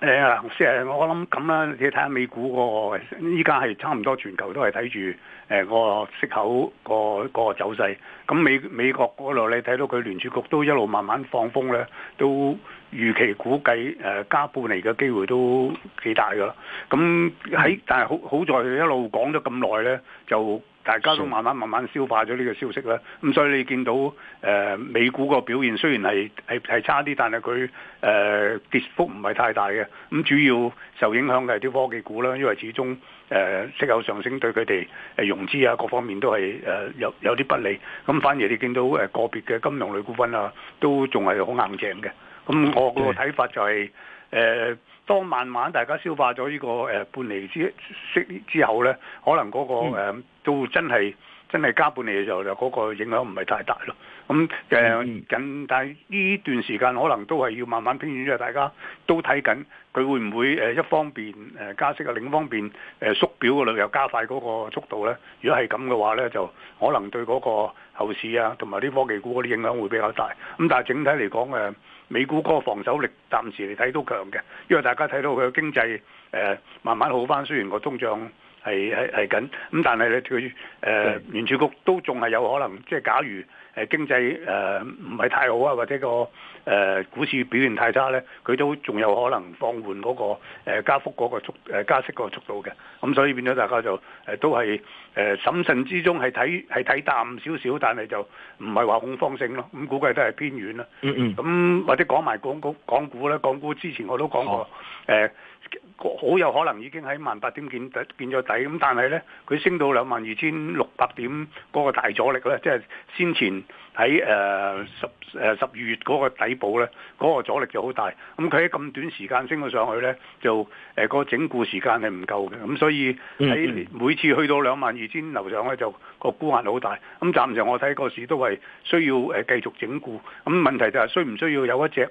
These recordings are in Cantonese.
誒即、呃、我諗咁啦，你睇下美股嗰個，依家係差唔多全球都係睇住個息口個、個走勢。咁美美國嗰度你睇到佢聯儲局都一路慢慢放風咧，都預期估計、呃、加半釐嘅機會都幾大噶喇。咁喺、嗯、但係好好在佢一路講咗咁耐咧，就，大家都慢慢慢慢消化咗呢個消息啦，咁所以你見到誒、呃、美股個表現雖然係係係差啲，但係佢誒跌幅唔係太大嘅，咁主要受影響嘅係啲科技股啦，因為始終誒、呃、息口上升對佢哋誒融資啊各方面都係誒、呃、有有啲不利，咁反而你見到、呃、個別嘅金融類股份啊，都仲係好硬淨嘅，咁我個睇法就係、係、誒。呃。當慢慢大家消化咗呢、這個、呃、半厘之息之後呢，可能嗰、那個都、呃、真係真係加半厘嘅時候，嗰、那個影響唔係太大咯。咁近、呃嗯、但係呢段時間可能都係要慢慢偏譯，因為大家都睇緊佢會唔會、呃、一方面加息啊，另一方面、呃、縮表嘅率又加快嗰個速度呢，如果係咁嘅話呢，就可能對嗰個後市啊，同埋啲科技股嗰啲影響會比較大。咁、嗯、但係整體嚟講美股嗰個防守力暫時嚟睇都強嘅，因為大家睇到佢嘅經濟誒、呃、慢慢好返，雖然個通脹係係係緊，咁但係咧佢誒聯儲局都仲係有可能，即係假如誒、呃、經濟誒唔係太好啊，或者個。誒、呃、股市表現太差呢，佢都仲有可能放緩嗰、那個、呃、加幅嗰個速、呃、加息嗰個速度嘅，咁、嗯、所以變咗大家就、呃、都係誒、呃、審慎之中係睇係睇淡少少，但係就唔係話恐慌性咯，咁估計都係偏遠啦。嗯嗯，咁、嗯、或者講埋港股，港股咧，港股之前我都講過、哦呃好有可能已經喺萬八點見底，見咗底咁，但係呢，佢升到兩萬二千六百點嗰個大阻力呢，即係先前喺誒十誒十二月嗰個底部呢，嗰個阻力就好大。咁佢喺咁短時間升咗上去呢，就誒個整固時間係唔夠嘅。咁所以喺每次去到兩萬二千樓上咧，就個沽壓好大。咁暫時我睇個市都係需要誒繼續整固。咁問題就係需唔需要有一隻？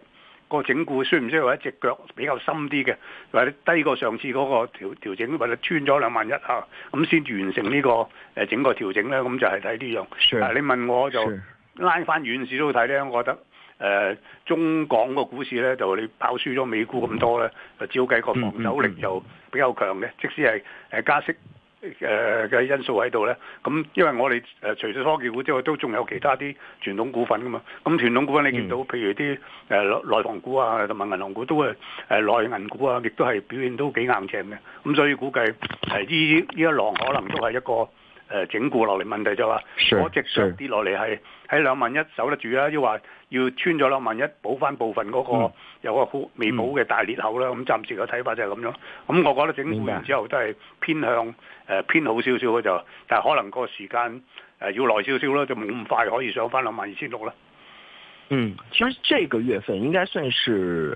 個整固需唔需要一隻腳比較深啲嘅，或者低過上次嗰個調,調整，或者穿咗兩萬一啊，咁先完成呢、呢個誒、呃、整個調整咧？咁就係睇呢樣。但 Sure.、啊、你問我就 Sure. 拉翻遠市都睇咧，我覺得誒、呃、中港個股市咧就你跑輸咗美股咁多咧，就照計個防守力就比較強嘅，mm hmm. 即使係誒、呃、加息。誒嘅、呃、因素喺度咧，咁因為我哋誒、呃、除咗科技股之外，都仲有其他啲傳統股份噶嘛。咁傳統股份你見到，嗯、譬如啲誒、呃、內房股啊同埋銀行股都係誒、呃、內銀股啊，亦都係表現都幾硬淨嘅。咁所以估計係呢呢一浪可能都係一個。誒、呃、整固落嚟問題就話我直上跌落嚟係喺兩萬一守得住啊，亦話要穿咗兩萬一補翻部分嗰個有個好未補嘅大裂口啦。咁、嗯嗯嗯、暫時嘅睇法就係咁樣。咁、嗯、我覺得整固完之後都係偏向誒白、呃、偏好少少嘅就，但係可能個時間誒、呃、要耐少少啦，就冇咁快可以上翻兩萬二千六啦。嗯，其實呢個月份應該算是。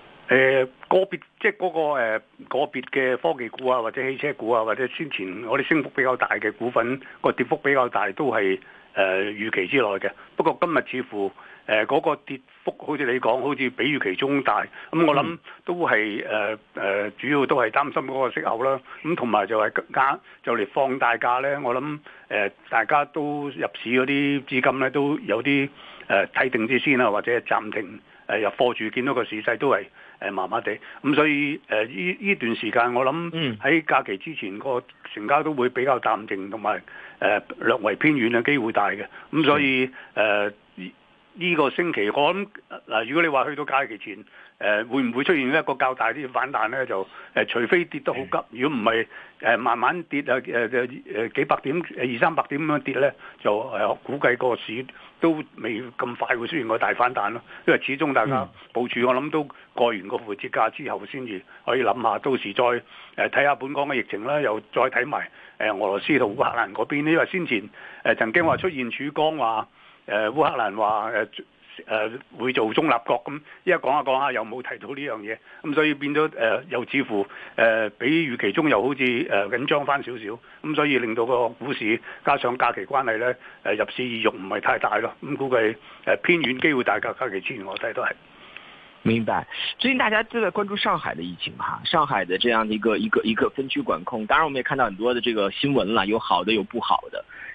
誒、呃、個別即係、那、嗰個、呃、個別嘅科技股啊，或者汽車股啊，或者先前我哋升幅比較大嘅股份、嗰個跌幅比較大都，都、呃、係預期之內嘅。不過今日似乎嗰、呃嗰個跌幅好似你講，好似比預期中大。咁、嗯、我諗都係、呃呃、主要都係擔心嗰個息口啦。咁同埋就係加就嚟放大假咧。我諗、呃、大家都入市嗰啲資金咧，都有啲睇、呃、定啲先啦，或者暫停、呃、入貨住，見到個市勢都係。誒麻麻地，咁、嗯嗯、所以誒呢呢段時間，我諗喺假期之前、這個成交都會比較淡定，同埋誒略為偏軟嘅機會大嘅，咁、嗯、所以誒。呃呢個星期我諗嗱，如果你話去到假期前，呃、會唔會出現一個較大啲嘅反彈咧？就、呃、除非跌得好急，如果唔係慢慢跌啊、呃呃、幾百點二三百點咁樣跌咧，就、呃、估計個市都未咁快會出現個大反彈咯。因為始終大家部署，嗯、我諗都過完個節假之後先至可以諗下，到時再睇下、呃、本港嘅疫情啦，又再睇埋、呃、俄羅斯同烏克蘭嗰邊，因為先前、呃、曾經話出現曙光話。誒、呃、烏克蘭話誒誒會做中立國咁，依家講下講下又冇提到呢樣嘢，咁、嗯、所以變咗誒、呃、又似乎誒、呃、比預期中又好似誒、呃、緊張翻少少，咁、嗯、所以令到個股市加上假期關係咧誒、呃、入市意欲唔係太大咯，咁、嗯、估計誒、呃、偏軟啲，機會大，假期之前我睇都係。明白，最近大家都在關注上海的疫情哈，上海的這樣的個一個一個，一個分區管控，當然我們也看到很多的這個新聞啦，有好的有不好的。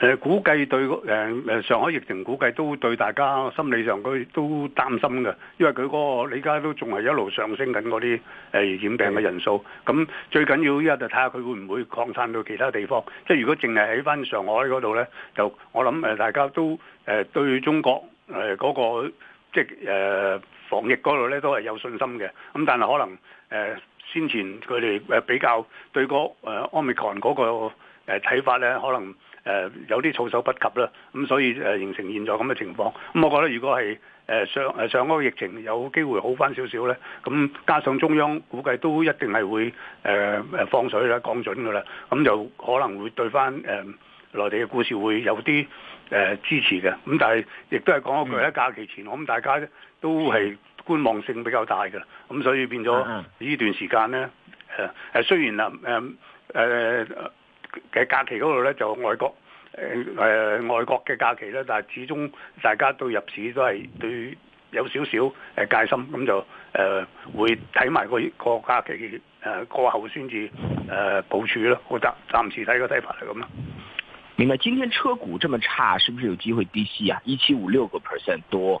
誒、呃、估計對誒誒、呃、上海疫情估計都對大家心理上佢都擔心嘅，因為佢嗰、那個你而家都仲係一路上升緊嗰啲誒染病嘅人數。咁的、嗯、最緊要依家就睇下佢會唔會擴散到其他地方。即係如果淨係喺翻上海嗰度咧，就我諗誒大家都誒、呃、對中國誒嗰、呃那個即係誒、呃、防疫嗰度咧都係有信心嘅。咁、嗯、但係可能誒、呃、先前佢哋誒比較對、那個誒奧密克戎嗰個睇、呃、法咧，可能。誒、呃、有啲措手不及啦，咁、嗯、所以誒、呃、形成現在咁嘅情況。咁、嗯、我覺得如果係誒、呃、上誒上嗰個疫情有機會好翻少少咧，咁、嗯、加上中央估計都一定係會誒誒、呃、放水啦降準噶啦，咁、嗯、就可能會對翻誒內地嘅股市會有啲誒、呃、支持嘅。咁、嗯、但係亦都係講一句喺、嗯、假期前，我諗大家都係觀望性比較大噶啦，咁、嗯、所以變咗呢段時間咧誒誒雖然嗱誒誒。呃呃呃嘅假期嗰度咧就外國誒誒、呃、外國嘅假期咧，但係始終大家對入市都係對有少少誒戒心，咁就誒、呃、會睇埋個個假期誒過、呃、後先至誒部署咯。我得暫時睇個睇法係咁啦。明白，今天車股這麼差，是不是有機會低息啊？一七五六個 percent 多。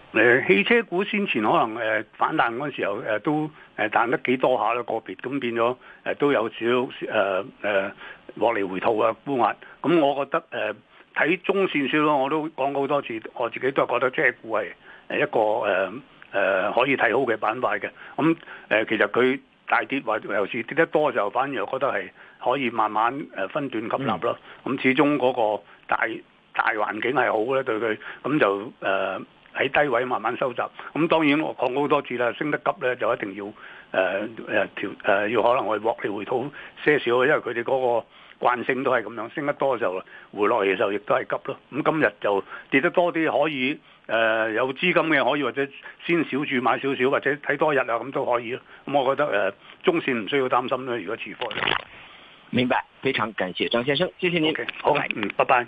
誒汽車股先前可能誒、呃、反彈嗰陣時候誒、呃、都誒彈、呃、得幾多下啦，個別咁變咗誒、呃、都有少誒誒落嚟回吐啊沽壓。咁我覺得誒睇、呃、中線少咯，我都講過好多次，我自己都係覺得車股係誒一個誒誒、呃呃、可以睇好嘅板塊嘅。咁誒、呃、其實佢大跌或尤其是跌得多就反而我覺得係可以慢慢誒分段吸納咯。咁、嗯、始終嗰個大大環境係好咧，對佢咁就誒。呃喺低位慢慢收集，咁當然我講好多次啦，升得急咧就一定要誒、呃、調、呃、要可能我哋獲利回吐些少，因為佢哋嗰個慣性都係咁樣，升得多嘅時候回落嚟嘅時候亦都係急咯。咁今日就跌得多啲，可以誒、呃、有資金嘅可以或者先少注買少少，或者睇多日啊，咁都可以咯。咁我覺得、呃、中線唔需要擔心咯，如果持貨就，明白，非常感謝張先生，謝謝你。OK，嗯，好，拜拜。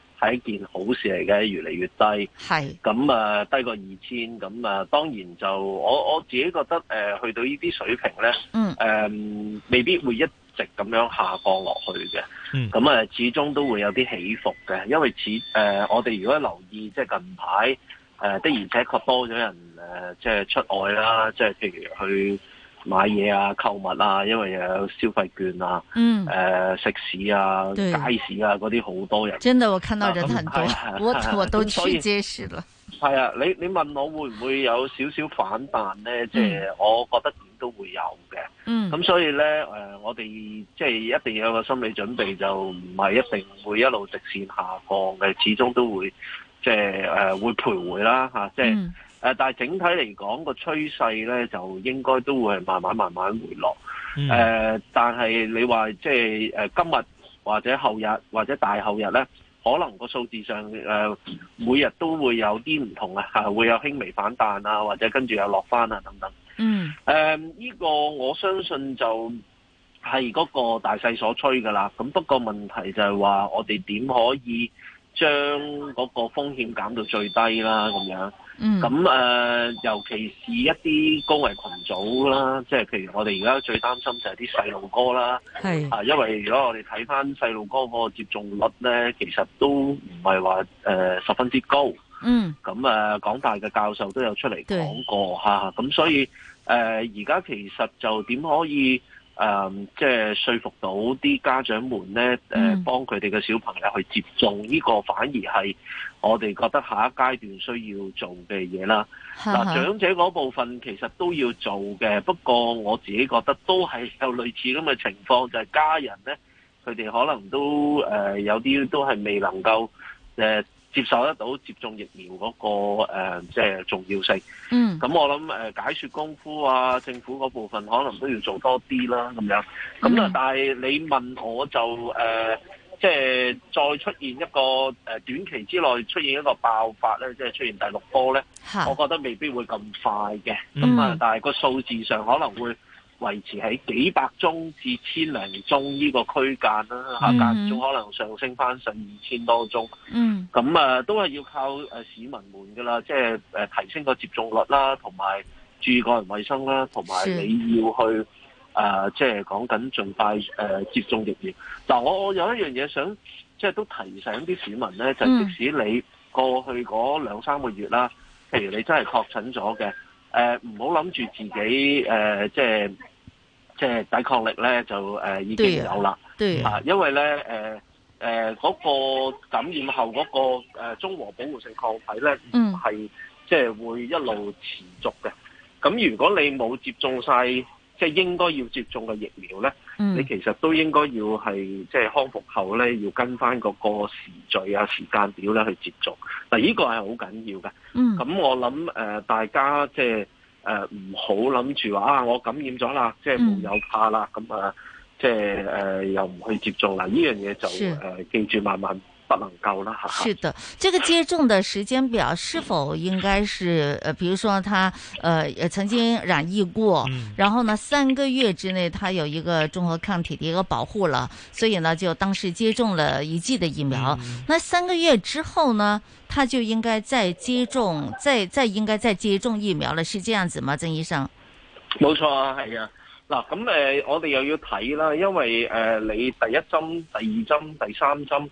係一件好事嚟嘅，越嚟越低。係咁啊，低過二千咁啊，當然就我我自己覺得誒、呃，去到呢啲水平咧，誒、嗯呃，未必會一直咁樣下降落去嘅。咁啊、嗯，始終都會有啲起伏嘅，因為始誒、呃，我哋如果留意即係近排誒、呃、的，而且確的而且確多咗人、呃、即係出外啦，即係譬如去，買嘢啊，購物啊，因為又有消費券啊，嗯，誒、呃，食肆啊，對街市啊，嗰啲好多人，真的我看到人很多，啊、我我、啊啊、都去街市啦。係啊，你你問我會唔會有少少反彈咧？嗯、即係我覺得點都會有嘅。嗯，咁所以咧，誒、呃，我哋即係一定要有個心理準備，就唔係一定會一路直，直線下降嘅，始終都會即係誒會徘徊啦吓、啊，即係。嗯誒、呃，但係整體嚟講個趨勢咧，就應該都會係慢慢慢慢回落。誒、嗯呃，但係你話即係誒今日或者後日或者大後日咧，可能個數字上誒、呃、每日都會有啲唔同啊，會有輕微反彈啊，或者跟住又落翻啊等等。嗯。誒、呃，呢個我相信就係嗰個大勢所趨噶啦。咁不過問題就係話，我哋點可以將嗰個風險減到最低啦？咁樣。咁誒、嗯呃，尤其是一啲高危群組啦，即係譬如我哋而家最擔心就係啲細路哥啦，啊是，因為如果我哋睇翻細路哥嗰個接種率咧，其實都唔係話誒十分之高，嗯，咁誒港大嘅教授都有出嚟講過吓咁對、啊、所以誒而家其實就點可以？誒，即係、嗯就是、說服到啲家長們咧，誒幫佢哋嘅小朋友去接種，呢、mm hmm. 個反而係我哋覺得下一階段需要做嘅嘢啦。嗱、mm hmm. 啊，長者嗰部分其實都要做嘅，不過我自己覺得都係有類似咁嘅情況，就係、是、家人咧，佢哋可能都誒、呃、有啲都係未能夠誒。呃接受得到接種疫苗嗰個誒，即係重要性。嗯。咁我諗誒解說功夫啊，政府嗰部分可能都要做多啲啦，咁樣，咁啊，但係你問我就誒即係再出現一個誒短期之內出現一個爆發咧，即係出現第六波咧，的我覺得未必會咁快嘅。咁啊，但係個數字上可能會。維持喺幾百宗至千零宗呢個區間啦，間中仲可能上升返上二千多宗。咁、mm hmm. 啊，都係要靠市民們噶啦，即係提升個接種率啦，同埋注意個人衛生啦，同埋你要去誒，即係講緊盡快誒接種疫苗。嗱，我我有一樣嘢想，即係都提醒啲市民咧，就即使你過去嗰兩三個月啦，譬如你真係確診咗嘅，誒唔好諗住自己誒即係。呃就是即係抵抗力咧就誒、呃、已經有啦嚇、啊，因為咧誒誒嗰個感染後嗰、那個、呃、中和保護性抗體咧，唔係即係會一路持續嘅。咁如果你冇接種晒，即係應該要接種嘅疫苗咧，嗯、你其實都應該要係即係康復後咧，要跟翻嗰個時序啊、時間表咧去接種。嗱，呢個係好緊要嘅。咁我諗誒、呃，大家即係。誒唔好諗住話啊！我感染咗啦，即係冇有怕啦，咁啊、嗯，即係誒又唔去接種啦，呢樣嘢就誒的、呃、記住慢慢。不能夠啦，係。是的，這個接種的時間表是否應該是，呃，比如說他，呃，曾經染疫過，嗯、然後呢，三個月之內他有一個中和抗體的一個保護了，所以呢，就當時接種了一劑的疫苗。嗯、那三個月之後呢，他就應該再接種，再再應該再接種疫苗了，是這樣子嗎，曾醫生？冇錯啊，係啊。嗱，咁誒、呃，我哋又要睇啦，因為誒、呃，你第一針、第二針、第三針。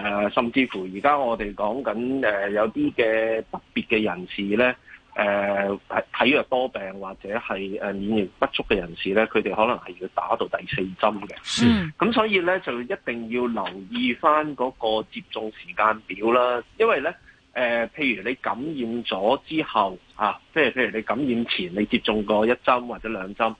誒、呃，甚至乎而家我哋講緊誒，有啲嘅特別嘅人士咧，誒、呃、體體弱多病或者係誒免疫不足嘅人士咧，佢哋可能係要打到第四針嘅。嗯，咁所以咧就一定要留意返嗰個接種時間表啦，因為咧誒、呃，譬如你感染咗之後啊，即係譬如你感染前你接種過一針或者兩針。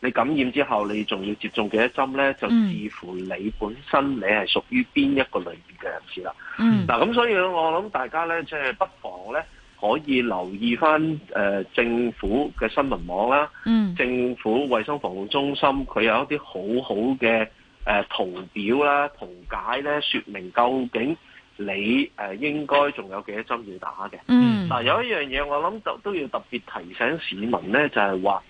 你感染之後，你仲要接種幾多針呢？就視乎你本身你係屬於邊一個類別嘅人士啦。嗱、嗯，咁所以咧，我諗大家呢，即係不妨呢，可以留意翻政府嘅新聞網啦，嗯、政府衛生防護中心佢有一啲好好嘅誒圖表啦、圖解呢，說明究竟你誒應該仲有幾多針要打嘅。嗱、嗯，有一樣嘢我諗就都要特別提醒市民呢，就係話。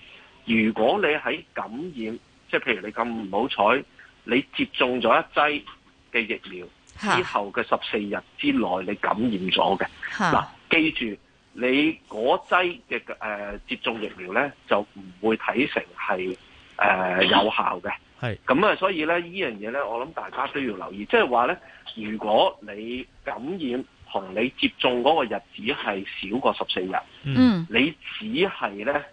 如果你喺感染，即係譬如你咁唔好彩，你接種咗一劑嘅疫苗之後嘅十四日之內，你感染咗嘅，嗱記住，你嗰劑嘅、呃、接種疫苗咧，就唔會睇成係、呃、有效嘅。咁啊係，所以咧呢樣嘢咧，我諗大家都要留意，即係話咧，如果你感染同你接種嗰個日子係少過十四日，嗯，你只係咧。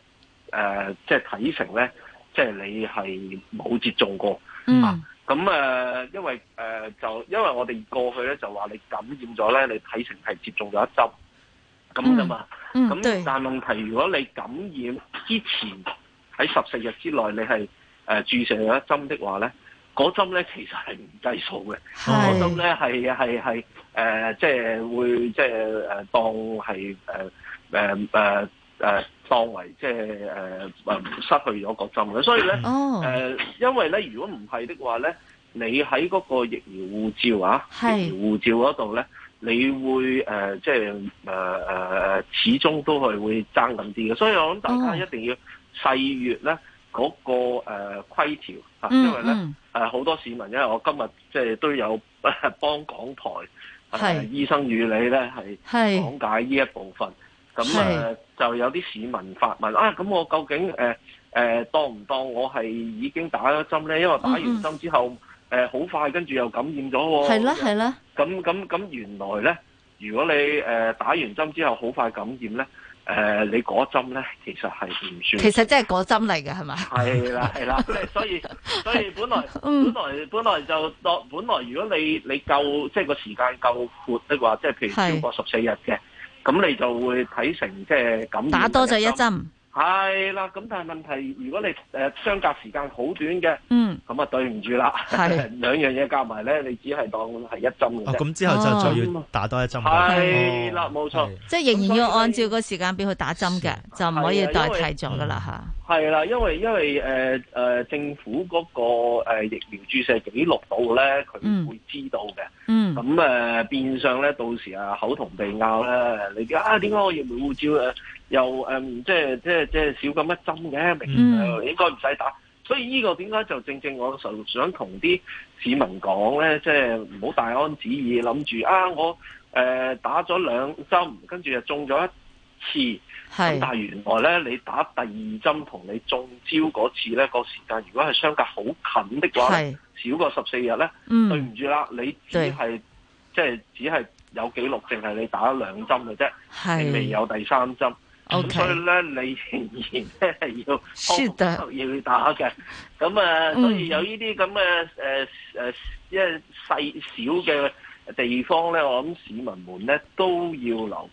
誒、呃，即係體成呢，即係你係冇接種過、嗯、啊！咁、呃、誒，因為誒、呃、就因為我哋過去咧就話你感染咗呢，你體成係接種咗一針咁噶嘛。咁、嗯嗯、但問題，如果你感染之前喺十四日之內，你係誒注射咗一針的話呢，嗰針呢其實係唔計數嘅。嗰是針呢係係係誒，即係會即係誒當係誒誒誒當為即、就、係、是呃、失去咗個針嘅，所以咧誒、oh. 呃，因為咧，如果唔係的話咧，你喺嗰個疫苗護照啊，是疫苗護照嗰度咧，你會誒，即、呃、係、就是呃呃、始終都係會爭緊啲嘅。所以我諗大家一定要細閱咧嗰、oh. 嗰個誒、呃、規條、mm hmm. 因為咧誒好多市民因為我今日即係都有幫港台是、啊、醫生與你咧係講解呢一部分。咁啊，那是就有啲市民發問啊，咁我究竟誒誒、呃呃、當唔當我係已經打咗針咧？因為打完針之後，誒好、嗯呃、快跟住又感染咗喎。係咧，係咧。咁咁咁，原來咧，如果你誒、呃、打完針之後好快感染咧，誒、呃、你嗰針咧其實係唔算。其實真係嗰針嚟嘅係咪？係啦，係 啦。所以所以本來的本來、嗯、本來就當本來，如果你你夠即係、就是、個時間夠闊，的話即係、就是、譬如超過十四日嘅。咁你就會睇成即係感染嘅發生。打多咗一針。係啦，咁但係問題，如果你誒、呃、相隔時間好短嘅，嗯，咁啊對唔住啦，係的兩樣嘢夾埋咧，你只係當係一針嘅，咁之後就再要打多一針。係啦，冇錯的即係仍然要按照個時間表去打針嘅，的就唔可以代替咗噶啦嚇。係啦，因為、嗯、因為誒誒、呃呃、政府嗰個誒疫苗注射記錄到咧，佢會知道嘅、嗯。嗯。咁誒、呃，變相咧，到時啊口同鼻拗咧，你啊點解我要換護照啊？又誒、嗯，即係即即少咁一針嘅，明唔明，應該唔使打，嗯、所以呢個點解就正正我就想同啲市民講咧，即係唔好大安旨意，諗住啊，我誒、呃、打咗兩針，跟住又中咗一次，是但原來咧你打第二針同你中招嗰次咧、個時間，如果係相隔好近的話，是少過十四日咧，嗯、對唔住啦，你只係對即係只係有記錄，淨係你打咗兩針嘅啫，是你未有第三針。咁 Okay. 所以咧，你仍然咧係要幫的要打嘅。咁啊，嗯、所以有呢啲咁嘅誒誒，即係細小嘅地方咧，我諗市民們咧都要留。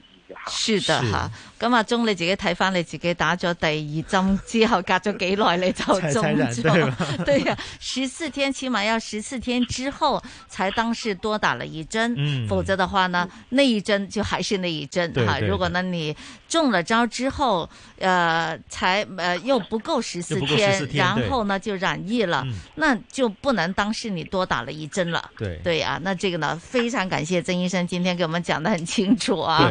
是的，哈。咁啊，鐘你自己睇翻你自己打咗第二針之後隔咗幾耐你就中咗？對啊，十四天起碼要十四天之後才當是多打了一針，否則的話呢，那一針就還是那一針。哈，如果呢你中了招之後，呃，才呃，又不夠十四天，然後呢就染疫了，那就不能當是你多打了一針了。對，對啊，那這個呢非常感謝曾醫生今天給我們講得很清楚啊。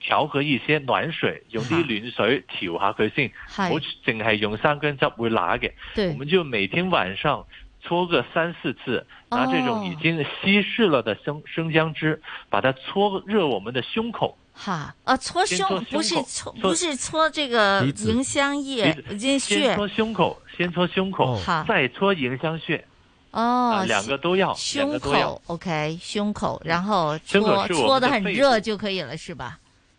調和一些暖水，用啲暖水調下去先，唔好淨係用生薑汁會辣嘅。我們就每天晚上搓個三四次，拿這種已經稀釋了的生生薑汁，把它搓熱我們的胸口。哈，啊搓胸，不是搓，不是搓這個迎香穴，先搓胸口，先搓胸口，再搓迎香穴。哦，兩個都要，胸口 OK，胸口，然後搓搓得很熱就可以了，是吧？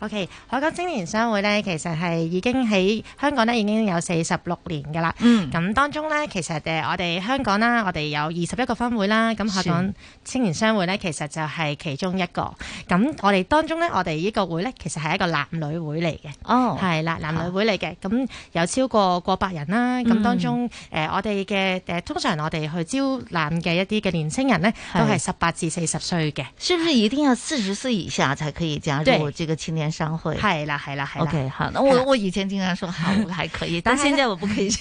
OK，海港青年商會咧，其實係已經喺香港咧已經有四十六年㗎喇。嗯，咁當中咧，其實誒我哋香港啦，我哋有二十一個分會啦。咁海港青年商會咧，是其實就係其中一個。咁我哋當中咧，我哋呢個會咧，其實係一個男女會嚟嘅。哦，係啦，男女會嚟嘅。咁、啊、有超過過百人啦。咁、嗯、當中，誒、呃、我哋嘅誒通常我哋去招攬嘅一啲嘅年輕人咧，是都係十八至四十歲嘅。係唔係一定要四十歲以下才可以加入對這個青年？商會係啦，係啦，係啦，OK 好，那我我以前經常說好還可以，但現在我不可以。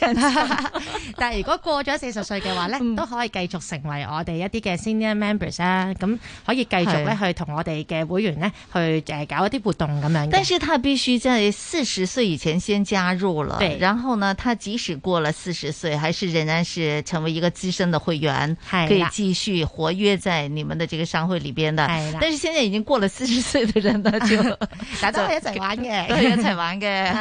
但係如果過咗四十歲嘅話咧，都可以繼續成為我哋一啲嘅 Senior Members 啊，咁可以繼續咧去同我哋嘅會員咧去誒搞一啲活動咁樣。但是他必須在四十歲以前先加入了，對，然後呢，他即使過了四十歲，還是仍然是成為一個資深的會員，可以繼續活躍在你們的這個商會裏邊的。但是現在已經過了四十歲的人呢，就大家都係一齊玩嘅，都一齊玩嘅，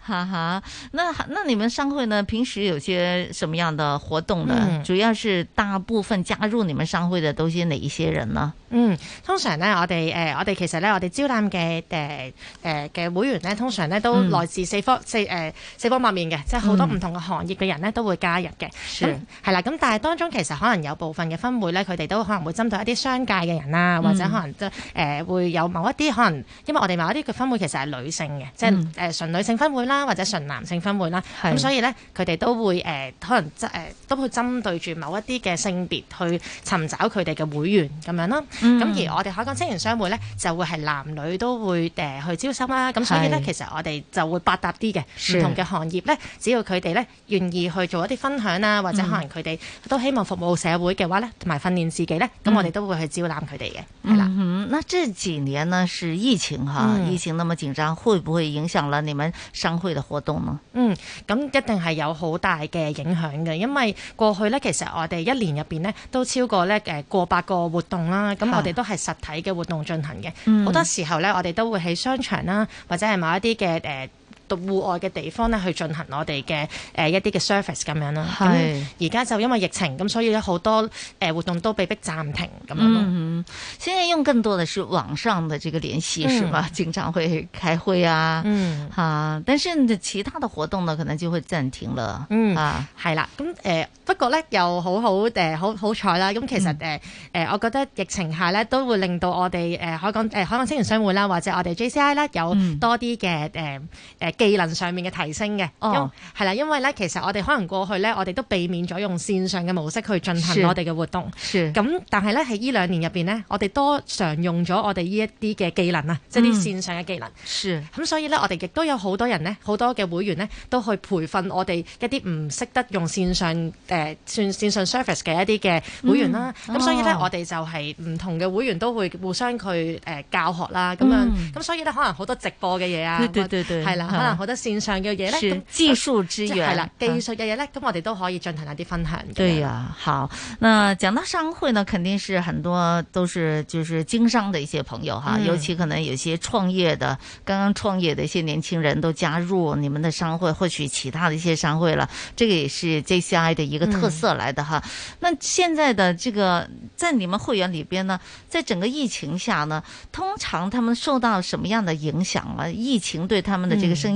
哈哈。那那你們商會呢？平時有些什麼樣的活動呢？主要是大部分加入你們商會的都是哪一些人呢？嗯，通常呢，我哋誒，我哋其實咧，我哋招攬嘅誒誒嘅會員咧，通常呢都來自四方，四誒四方八面嘅，即係好多唔同嘅行業嘅人呢都會加入嘅。咁係啦，咁但係當中其實可能有部分嘅分會呢，佢哋都可能會針對一啲商界嘅人啦，或者可能即係誒會有某一啲可能。因為我哋某一啲嘅分會其實係女性嘅，嗯、即係誒純女性分會啦，或者純男性分會啦，咁是、嗯、所以咧佢哋都會誒、呃、可能即、呃、都會針對住某一啲嘅性別去尋找佢哋嘅會員咁樣咯。咁、嗯、而我哋海港青年商會咧就會係男女都會誒、呃、去招收啦、啊。咁所以咧是其實我哋就會百搭啲嘅唔同嘅行業咧，只要佢哋咧願意去做一啲分享啦、啊，或者，嗯、或者可能佢哋都希望服務社會嘅話咧，同埋訓練自己咧，咁、嗯嗯嗯、我哋都會去招攬佢哋嘅。係啦、嗯哼，嗱即係自然嘅啦，係以前。是嗯、疫情那麼緊張，會不會影響了你們商會的活動呢？嗯，咁一定係有好大嘅影響嘅，因為過去咧，其實我哋一年入面咧都超過咧誒、呃、過百個活動啦，咁我哋都係實體嘅活動進行嘅，好、嗯、多時候咧我哋都會喺商場啦，或者係某一啲嘅誒。呃到戶外嘅地方咧，去進行我哋嘅誒一啲嘅 service 咁樣咯。咁而家就因為疫情，咁所以咧好多誒、呃、活動都被迫暫停咁樣咯。先、嗯、現在用更多嘅是網上的這個聯繫，是吧？嗯、經常會開會啊，嗯，啊，但是其他嘅活動呢，可能就會暫停啦。嗯，啊，係啦，咁誒、呃、不過咧又好好誒、呃、好好彩啦。咁其實誒誒、嗯呃，我覺得疫情下咧都會令到我哋誒、呃、海港誒、呃、海港青年商會啦，或者我哋 JCI 啦，有多啲嘅誒誒。嗯呃呃技能上面嘅提升嘅，係啦、哦嗯，因為咧，其實我哋可能過去咧，我哋都避免咗用線上嘅模式去進行我哋嘅活動，咁但係咧喺呢兩年入邊咧，我哋多常用咗我哋呢一啲嘅技能啊，即係啲線上嘅技能，咁所以咧我哋亦都有好多人咧，好多嘅會員咧都去培訓我哋一啲唔識得用線上誒算、呃、線上 service 嘅一啲嘅會員啦，咁、嗯哦嗯、所以咧我哋就係唔同嘅會員都會互相去誒、呃、教學啦，咁樣，咁、嗯嗯、所以咧可能好多直播嘅嘢啊，對對對，係啦。好多線上嘅嘢，是那技術資源係啦、哦就是，技術嘅嘢咧，咁、啊、我哋都可以進行一啲分享。對呀、啊，好。那講到商會呢，肯定是很多都是就是經商的一些朋友哈，嗯、尤其可能有些創業的，剛剛創業的一些年輕人都加入你們的商會，或許其他的一些商會啦，這個也是 JCI 的一個特色來的哈。嗯、那現在的這個在你們會員裏邊呢，在整個疫情下呢，通常他們受到什麼樣的影響啊？疫情對他們的這個生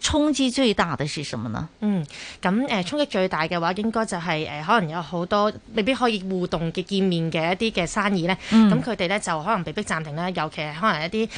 衝擊最大的是什麼呢？嗯，咁衝擊最大嘅話，應該就係可能有好多未必可以互動嘅見面嘅一啲嘅生意咧。咁佢哋咧就可能被逼暫停啦，尤其係可能一啲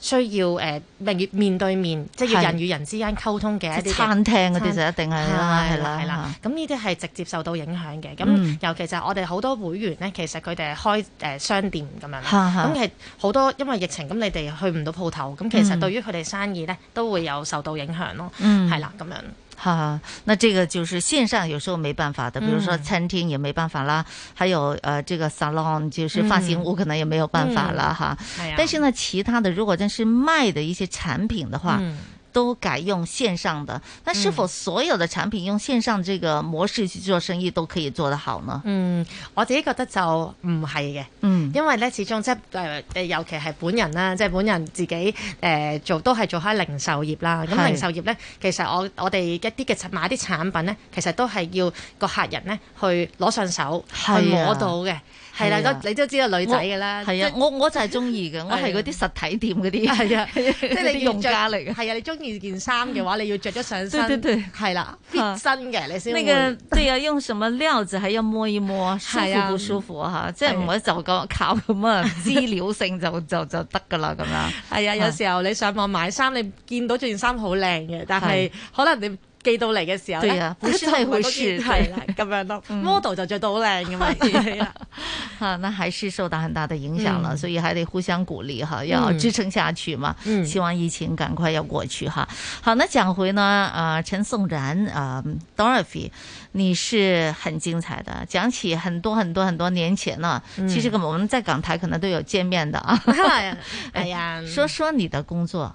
需要誒面面對面，即係要人與人之間溝通嘅一啲餐廳嗰啲就一定係啦，係啦。係啦。咁呢啲係直接受到影響嘅。咁尤其就我哋好多會員咧，其實佢哋係開商店咁樣咁其實好多因為疫情，咁你哋去唔到鋪頭咁其實對於佢哋生意咧都會有受到。影響咯，係啦咁樣。哈，哈，那這個就是線上有時候沒辦法的，比如說餐廳也沒辦法啦，嗯、還有呃，這個 salon 就是髮型屋可能也沒有辦法啦，嗯、哈。嗯嗯、但是呢，哎、呀其他的如果真是賣的一些產品的話。嗯都改用線上的，但是否所有的產品用線上這個模式去做生意都可以做得好呢？嗯，我自己覺得就唔係嘅，嗯，因為咧始終即係誒，尤其係本人啦，即係本人自己誒、呃、做都係做開零售業啦。咁是零售業咧，其實我我哋一啲嘅買啲產品咧，其實都係要個客人咧去攞上手，啊、去摸到嘅。係啦，你都知啊，女仔噶啦。係啊，我我就係中意嘅，我係嗰啲實體店嗰啲。係啊，即係你用家嚟嘅。係啊，你中意件衫嘅話，你要着咗上身。對係啦 fit 身嘅你先。呢個對啊，用什麼料子，還要摸一摸，係啊，好舒服嚇？即係唔可以就咁靠咁啊，資料性就就就得㗎啦咁樣。係啊，有時候你上網買衫，你見到件衫好靚嘅，但係可能你。寄到嚟嘅時候咧，唔係嗰件係啦，咁樣咯。model 就着到好靚嘅嘛，係啊，那還是受到很大的影響了，所以還得互相鼓勵哈，要支撐下去嘛。嗯，希望疫情趕快要過去哈。好，那講回呢，啊，陳頌然啊，Dorothy，你是很精彩的，講起很多很多很多年前呢，其實我們在港台可能都有見面的。哎呀，說說你的工作。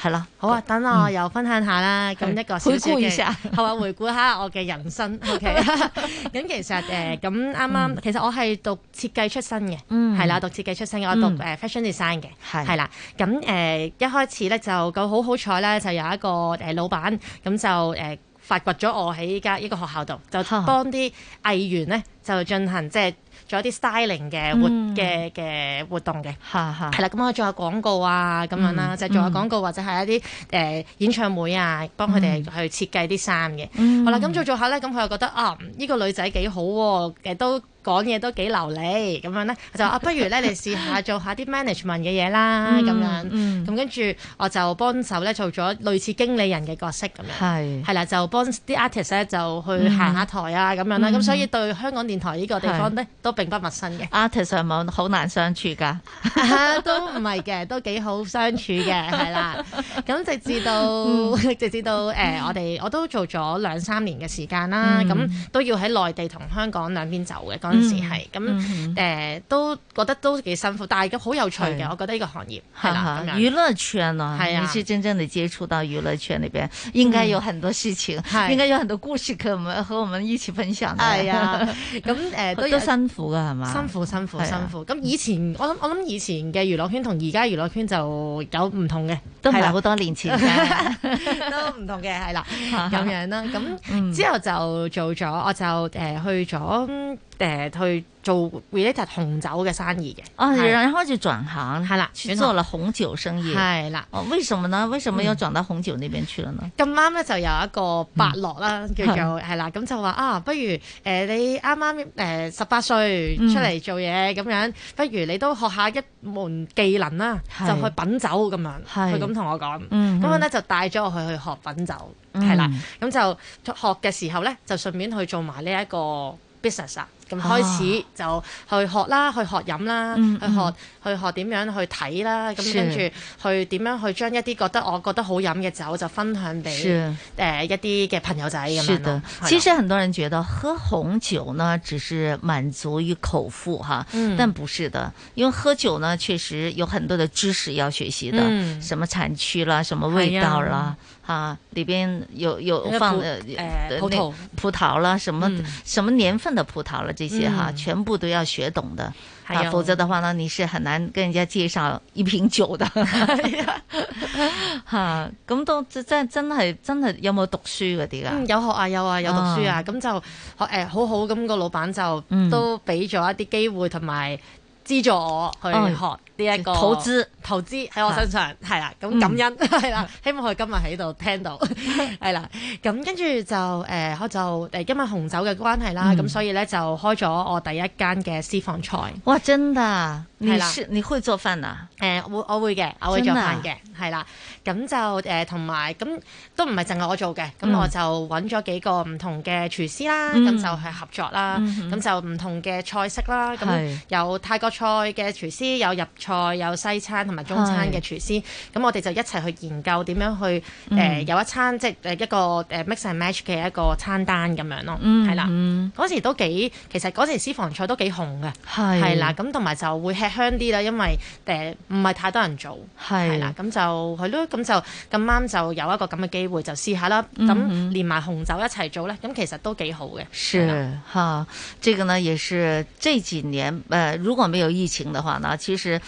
係咯，好啊，等我又分享下啦。咁、嗯、一個小小嘅，好啊，回顧下我嘅人生。OK，咁其實誒，咁啱啱其實我係讀設計出身嘅，係啦、嗯，讀設計出身嘅，我讀誒、嗯、fashion design 嘅，係係啦。咁誒、呃、一開始咧就咁好好彩咧，就有一個誒老闆咁就誒發掘咗我喺依家呢個學校度，就幫啲藝員咧就進行即係。就是做一啲 styling 嘅活嘅嘅活動嘅、嗯，係係，係啦，咁我做下廣告啊咁樣啦，嗯、就做下廣告、嗯、或者係一啲誒、呃、演唱會啊，幫佢哋去設計啲衫嘅，嗯、好啦，咁做做下咧，咁佢又覺得啊，呢、呢個女仔幾好誒、啊，都。講嘢都幾流利咁樣咧，就啊不如咧你試下做下啲 management 嘅嘢啦，咁樣，咁跟住我就幫手咧做咗類似經理人嘅角色咁樣，係啦，就幫啲 artist 咧就去行下台啊咁樣啦，咁所以對香港電台呢個地方咧都並不陌生嘅。Artist 係咪好難相處㗎？都唔係嘅，都幾好相處嘅，係啦。咁直至到直至到誒我哋我都做咗兩三年嘅時間啦，咁都要喺內地同香港兩邊走嘅。當時係咁誒，都覺得都幾辛苦，但係咁好有趣嘅。我覺得呢個行業係啦，娛樂圈啊，係啊，你先真正地接觸到娛樂圈裏邊，應該有很多事情，應該有很多故事可我們和我們一起分享。係啊，咁誒都辛苦噶係嘛？辛苦辛苦辛苦。咁以前我諗我諗以前嘅娛樂圈同而家娛樂圈就有唔同嘅，都係好多年前嘅都唔同嘅，係啦咁樣啦。咁之後就做咗，我就誒去咗。誒去做 related 紅酒嘅生意嘅哦，然後就轉行係啦，轉做了紅酒生意係啦。為什麼呢？為什麼要轉到紅酒呢邊去啦？咁啱咧就有一個伯樂啦，叫做係啦。咁就話啊，不如誒你啱啱誒十八歲出嚟做嘢咁樣，不如你都學下一門技能啦，就去品酒咁樣。佢咁同我講，咁咧就帶咗我去去學品酒係啦。咁就學嘅時候咧，就順便去做埋呢一個 business 啊。咁開始就去學啦，啊、去學飲啦，嗯、去學、嗯、去學點樣去睇啦，咁是跟住去點樣去將一啲覺得我覺得好飲嘅酒就分享俾是、呃、一啲嘅朋友仔咁樣是的，是的其實很多人覺得喝紅酒呢，只是滿足於口腹哈，嗯、但不是的，因為喝酒呢，確實有很多嘅知識要學習的，嗯、什麼產區啦，什麼味道啦。啊，裏邊有有放誒，葡萄、呃、葡萄啦，萄啦什麼、嗯、什麼年份的葡萄啦，這些哈，啊嗯、全部都要學懂的，嗯啊、否則的話呢，你是很難跟人家介紹一瓶酒的。咁都真真係真係有冇讀書嗰啲啊、嗯？有學啊，有啊，有讀書啊，咁、啊、就誒、欸、好好咁、個老闆就都俾咗一啲機會同埋資助我去學。嗯呢一個投資投資喺我身上係啦，咁感恩係啦，希望佢今日喺度聽到係啦，咁跟住就我就誒因為紅酒嘅關係啦，咁所以咧就開咗我第一間嘅私房菜。哇，真㗎！係啦，你會做飯啊？誒，我我會嘅，我會做飯嘅，係啦。咁就誒同埋咁都唔係淨係我做嘅，咁我就揾咗幾個唔同嘅廚師啦，咁就去合作啦，咁就唔同嘅菜式啦，咁有泰國菜嘅廚師有入，菜有西餐同埋中餐嘅廚師，咁是我哋就一齊去研究點樣去誒、嗯呃、有一餐即係一個誒、呃、mix and match 嘅一個餐單咁樣咯，係、嗯、啦，嗰、嗯、時都幾其實嗰時私房菜都幾紅嘅，係是啦，咁同埋就會吃香啲啦，因為誒唔係太多人做，係是啦，咁就係咯，咁就咁啱就有一個咁嘅機會就試一下啦，咁、嗯、連埋紅酒一齊做咧，咁其實都幾好嘅。是，是啦哈，這個呢也是這幾年誒、呃，如果沒有疫情的話呢，其實。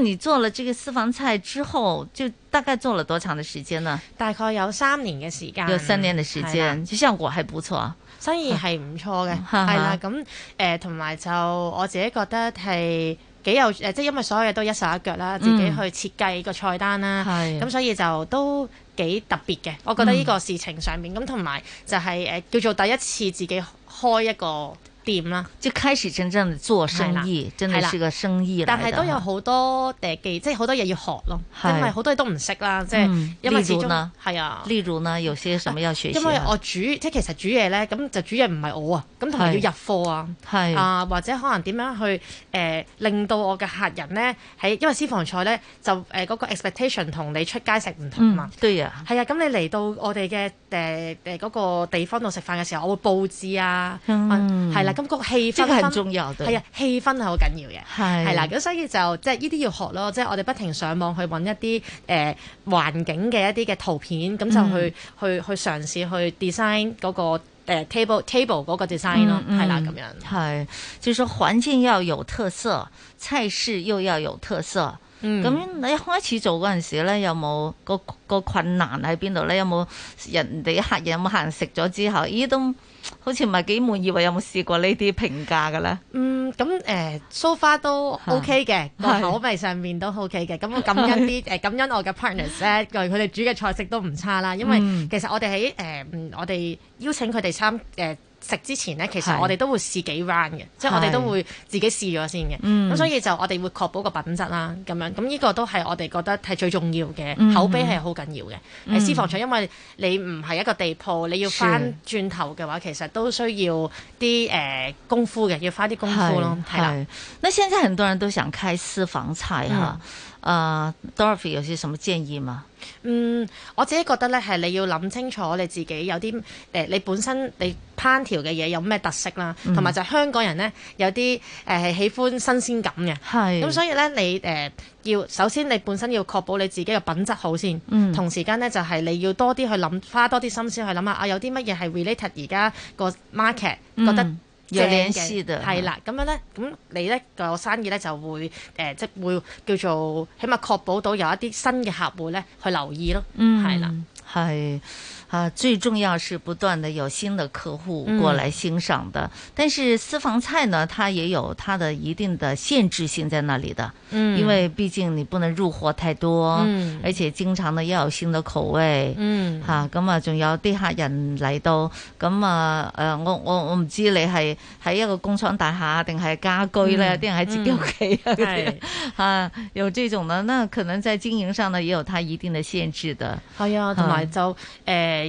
你做了這個私房菜之後，就大概做了多長的時間呢？大概有三年嘅時間，有三年的時間，效果還不錯啊，生意係唔錯嘅，係啦。 咁誒，同、呃、埋就我自己覺得係幾有誒，即、呃、係因為所有嘢都一手一腳啦，嗯、自己去設計個菜單啦，咁的所以就都幾特別嘅。我覺得呢個事情上面咁，同埋、嗯、就係、是、誒、呃，叫做第一次自己開一個店啦，就開始真正做生意，真係是個生意。但係都有好多嘅技，即係好多嘢要學咯，因為好多嘢都唔識啦，即係。例如呢？係啊。例如呢？有些什麼要學習？因為我煮，即其實煮嘢咧，咁就煮嘢唔係我啊，咁同埋要入貨啊，啊或者可能點樣去誒令到我嘅客人咧喺，因為私房菜咧就誒嗰個 expectation 同你出街食唔同嘛。對啊。係啊，咁你嚟到我哋嘅誒誒嗰個地方度食飯嘅時候，我會佈置啊，係啦。感覺氣氛係重要，係啊，氣氛係好緊要嘅，係啦是。咁、啊、所以就即係呢啲要學咯，即、就、係、是、我哋不停上網去揾一啲誒、呃、環境嘅一啲嘅圖片，咁、嗯、就去去去嘗試去 design 嗰、那個、呃、table table 嗰個 design 咯，係啦、嗯嗯，咁、啊、樣。係，就係、是、環境要有特色，菜式又要有特色。咁、嗯、你一開始做嗰陣時咧，有冇嗰嗰困難喺邊度咧？有冇人哋客人有冇客人食咗之後，咦，都？好似唔係幾滿意，或有冇試過這些評價呢啲評價嘅咧？嗯，咁誒，so far 都 OK 嘅，個是口味上面都 OK 嘅。咁是感恩啲，誒是、呃，感恩我嘅 partners 咧，佢哋 煮嘅菜式都唔差啦。因為其實我哋喺誒，我哋邀請佢哋參誒。呃食之前咧，其實我哋都會試幾 round 嘅，是即係我哋都會自己試咗先嘅。咁、嗯、所以就我哋會確保個品質啦，咁樣咁呢個都係我哋覺得係最重要嘅，嗯、口碑係好緊要嘅。喺、嗯、私房菜，因為你唔係一個地鋪，你要翻轉頭嘅話，是其實都需要啲誒、呃、功夫嘅，要花啲功夫咯。係是啦，那現在很多人都想開私房菜嚇。嗯誒、uh，Dorothy 有啲什麼建議嘛？嗯，我自己覺得咧，係你要諗清楚你自己有啲、呃、你本身你烹調嘅嘢有咩特色啦，同埋、嗯、就香港人咧有啲係、呃、喜歡新鮮感嘅，咁是所以咧你要、呃、首先你本身要確保你自己嘅品質好先，嗯、同時間咧就係、是、你要多啲去諗，花多啲心思去諗下啊，有啲乜嘢係 related 而家個 market 覺得。即係靚嘅，係啦，咁樣咧，咁你咧、呢個生意咧就會誒、呃，即係會叫做起碼確保到有一啲新嘅客戶咧去留意咯，係啦、嗯，係了。係。啊，最重要是不斷的有新的客戶過來欣賞的。但是私房菜呢，它也有它的一定的限制性在那裏的。嗯，因為畢竟你不能入貨太多。嗯，而且經常的要有新的口味。嗯，哈，咁啊，仲有啲客人嚟到，咁啊，誒，我我我唔知你係喺一個工廠大廈定係家居咧？定係自己屋企啊，係哈，有這種呢，那可能在經營上呢，也有它一定的限制的。係啊，同埋就誒。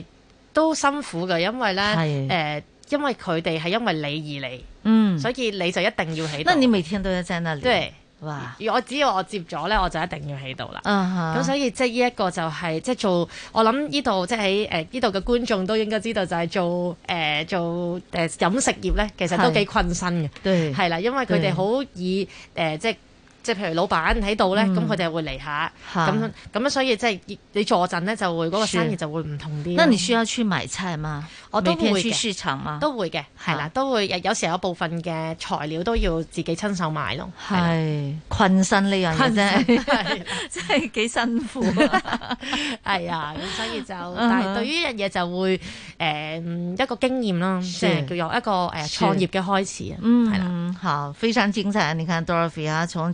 都辛苦嘅，因為咧，誒的、呃，因為佢哋係因為你而嚟，嗯，所以你就一定要喺度。那你未聽到一聲啦，對，哇！我只要我接咗咧，我就一定要喺度啦。咁、嗯、哼所以即係呢一個就係即係做，我諗呢度即係誒呢度嘅觀眾都應該知道就係做誒、呃、做誒飲食業咧，其實都幾困身嘅。係啦，因為佢哋好以誒對、呃、即係。即係譬如老闆喺度咧，咁佢哋會嚟下，咁咁所以即係你坐陣咧，就會嗰個生意就會唔同啲。那你需要穿迷襯啊？我都會穿雪襯啊，都會嘅，係啦，都會有時有部分嘅材料都要自己親手買咯。係，困身呢樣嘢啫，係真係幾辛苦。係啊，咁所以就，但係對於一樣嘢就會誒一個經驗啦，即係叫有一個誒創業嘅開始啊。嗯，好，非常精彩。你看 Dorothy 啊，從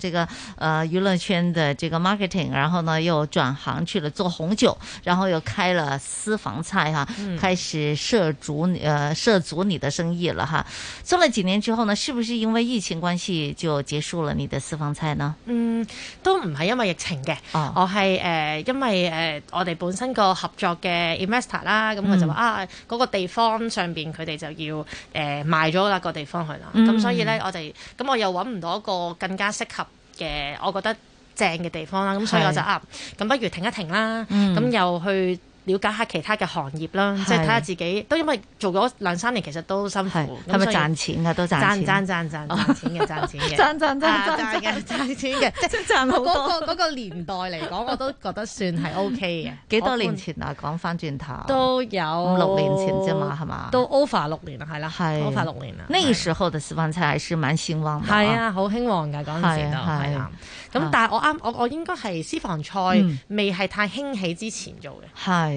呃，娛樂圈的這個 marketing，然後呢又轉行去了做紅酒，然後又開了私房菜哈、啊，嗯、開始涉足，呃涉足你的生意了哈。做了幾年之後呢，是不是因為疫情關係就結束了你的私房菜呢？嗯，都唔係因為疫情嘅、哦呃呃，我係誒因為誒我哋本身個合作嘅 investor 啦，咁、嗯、佢、嗯、就話啊嗰、那個地方上邊佢哋就要誒、呃、賣咗啦個地方去啦，咁、嗯嗯、所以呢，我哋咁我又搵唔到一個更加適合。嘅，我覺得正嘅地方啦，咁的所以我就啊，咁不如停一停啦，咁、嗯、又去。了解下其他嘅行業啦，即係睇下自己都因為做咗兩三年，其實都辛苦。係咪賺錢㗎？都賺錢。賺賺賺賺錢嘅，賺錢嘅。賺賺賺賺嘅，賺錢嘅。即係賺好多。嗰個個年代嚟講，我都覺得算係 OK 嘅。幾多年前啊，講翻轉頭都有五六年前啫嘛，係嘛？都 over 六年啦，係啦，over 六年啦。嗰時候嘅私房菜係是蠻興旺嘅。係啊，好興旺㗎嗰陣時係。咁但係我啱我我應該係私房菜未係太興起之前做嘅。係。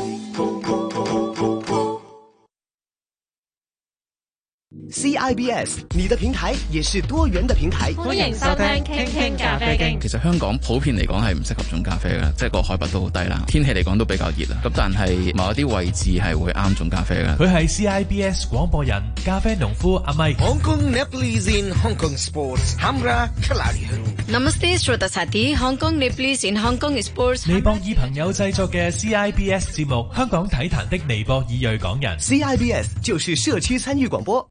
CIBS 你的平台也是多元的平台。歡迎收聽傾傾咖啡經。其實香港普遍嚟講係唔適合種咖啡嘅，即係個海拔都好低啦，天氣嚟講都比較熱啦。咁但係某一啲位置係會啱種咖啡嘅。佢係 CIBS 廣播人，咖啡農夫阿咪。Hong Kong Nepalese in Hong Kong Sports。Namaste Shrotasati Hong Kong Nepalese in Hong Kong Sports。尼泊爾朋友製作嘅 CIBS 節目，香港體壇的尼泊爾裔港人。CIBS 就是社區參與廣播。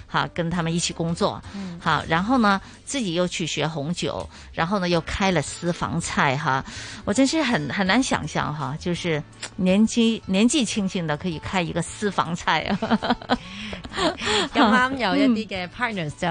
好，跟他們一起工作，嗯，好，然後呢，自己又去學紅酒，然後呢，又開了私房菜哈。我真是很很難想象哈，就是年紀年紀輕輕的可以開一個私房菜啊。 咁啱有一啲嘅 partners 就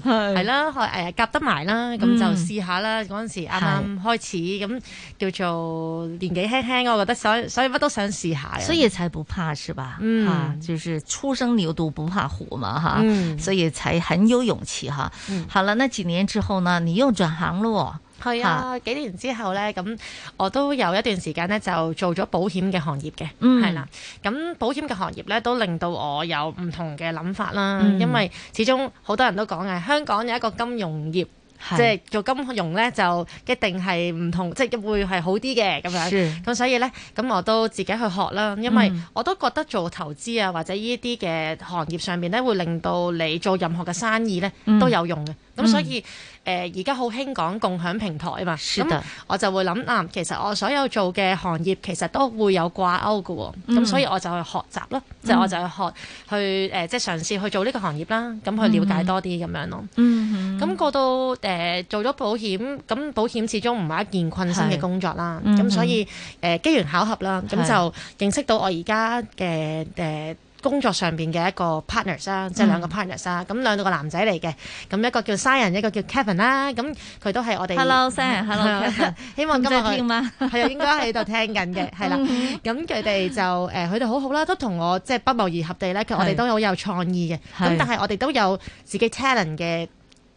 係、嗯、啦，誒是，夾得埋啦，咁、嗯、就試下啦。嗰陣時啱啱開始，咁是叫做年紀輕輕，我覺得所以所以乜都想試下呀。所以才不怕是吧？嗯，啊就是初生牛犢不怕虎嘛，哈。嗯所以才很有勇氣哈，嗯、好了，那幾年之後呢？你又轉行咯？係啊，啊幾年之後呢，咁我都有一段時間呢，就做咗保險嘅行業嘅，係啦、嗯，咁、啊、保險嘅行業呢，都令到我有唔同嘅諗法啦，嗯、因為始終好多人都講嘅，香港有一個金融業。即係是做金融咧，就一定係唔同，即、就、係、是、會係好啲嘅咁樣。咁所以咧，咁我都自己去學啦，因為我都覺得做投資啊，或者呢啲嘅行業上面咧，會令到你做任何嘅生意咧、嗯、都有用嘅。咁所以。嗯誒而家好興講共享平台啊嘛，咁的我就會諗啊，其實我所有做嘅行業其實都會有掛鈎嘅喎，咁、嗯、所以我就去學習咯，嗯、即係我就去學去誒，即、呃、係嘗試去做呢個行業啦，咁去了解多啲咁樣咯。嗯哼，咁過到誒、呃、做咗保險，咁保險始終唔係一件困身嘅工作啦，咁是所以誒、呃、機緣巧合啦，咁是就認識到我而家嘅誒。呃工作上邊嘅一個 partner 啦，即係兩個 partner 啦，咁兩個男仔嚟嘅，咁一個叫 Siren，一個叫 Kevin 啦、啊，咁佢都係我哋。Hello Siren。Hello Kevin，希望今日佢係啊， 應該喺度聽緊嘅，係啦 了。咁佢哋就誒，佢哋好好啦，都同我即係、就是、不謀而合地咧，我哋都好有創意嘅，咁是 但係我哋都有自己 talent 嘅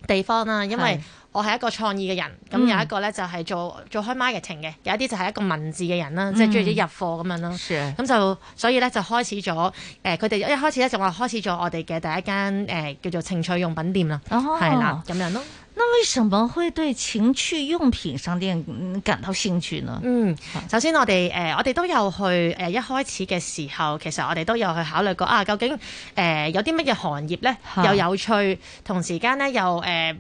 地方啦，因為。我係一個創意嘅人，咁有一個咧就係做做開 marketing 嘅，嗯、有一啲就係一個文字嘅人啦，即係中意啲入貨咁樣咯。咁、嗯、就所以咧就開始咗誒，佢、呃、哋一開始咧就話開始咗我哋嘅第一間誒、呃、叫做情趣用品店啦，係啦咁樣咯。那為什麼會對情趣用品商店咁好先進啊？嗯，首先我哋誒、呃、我哋都有去誒、呃、一開始嘅時候，其實我哋都有去考慮過啊，究竟誒、呃、有啲乜嘢行業咧又有趣，啊、同時間咧又誒誒。呃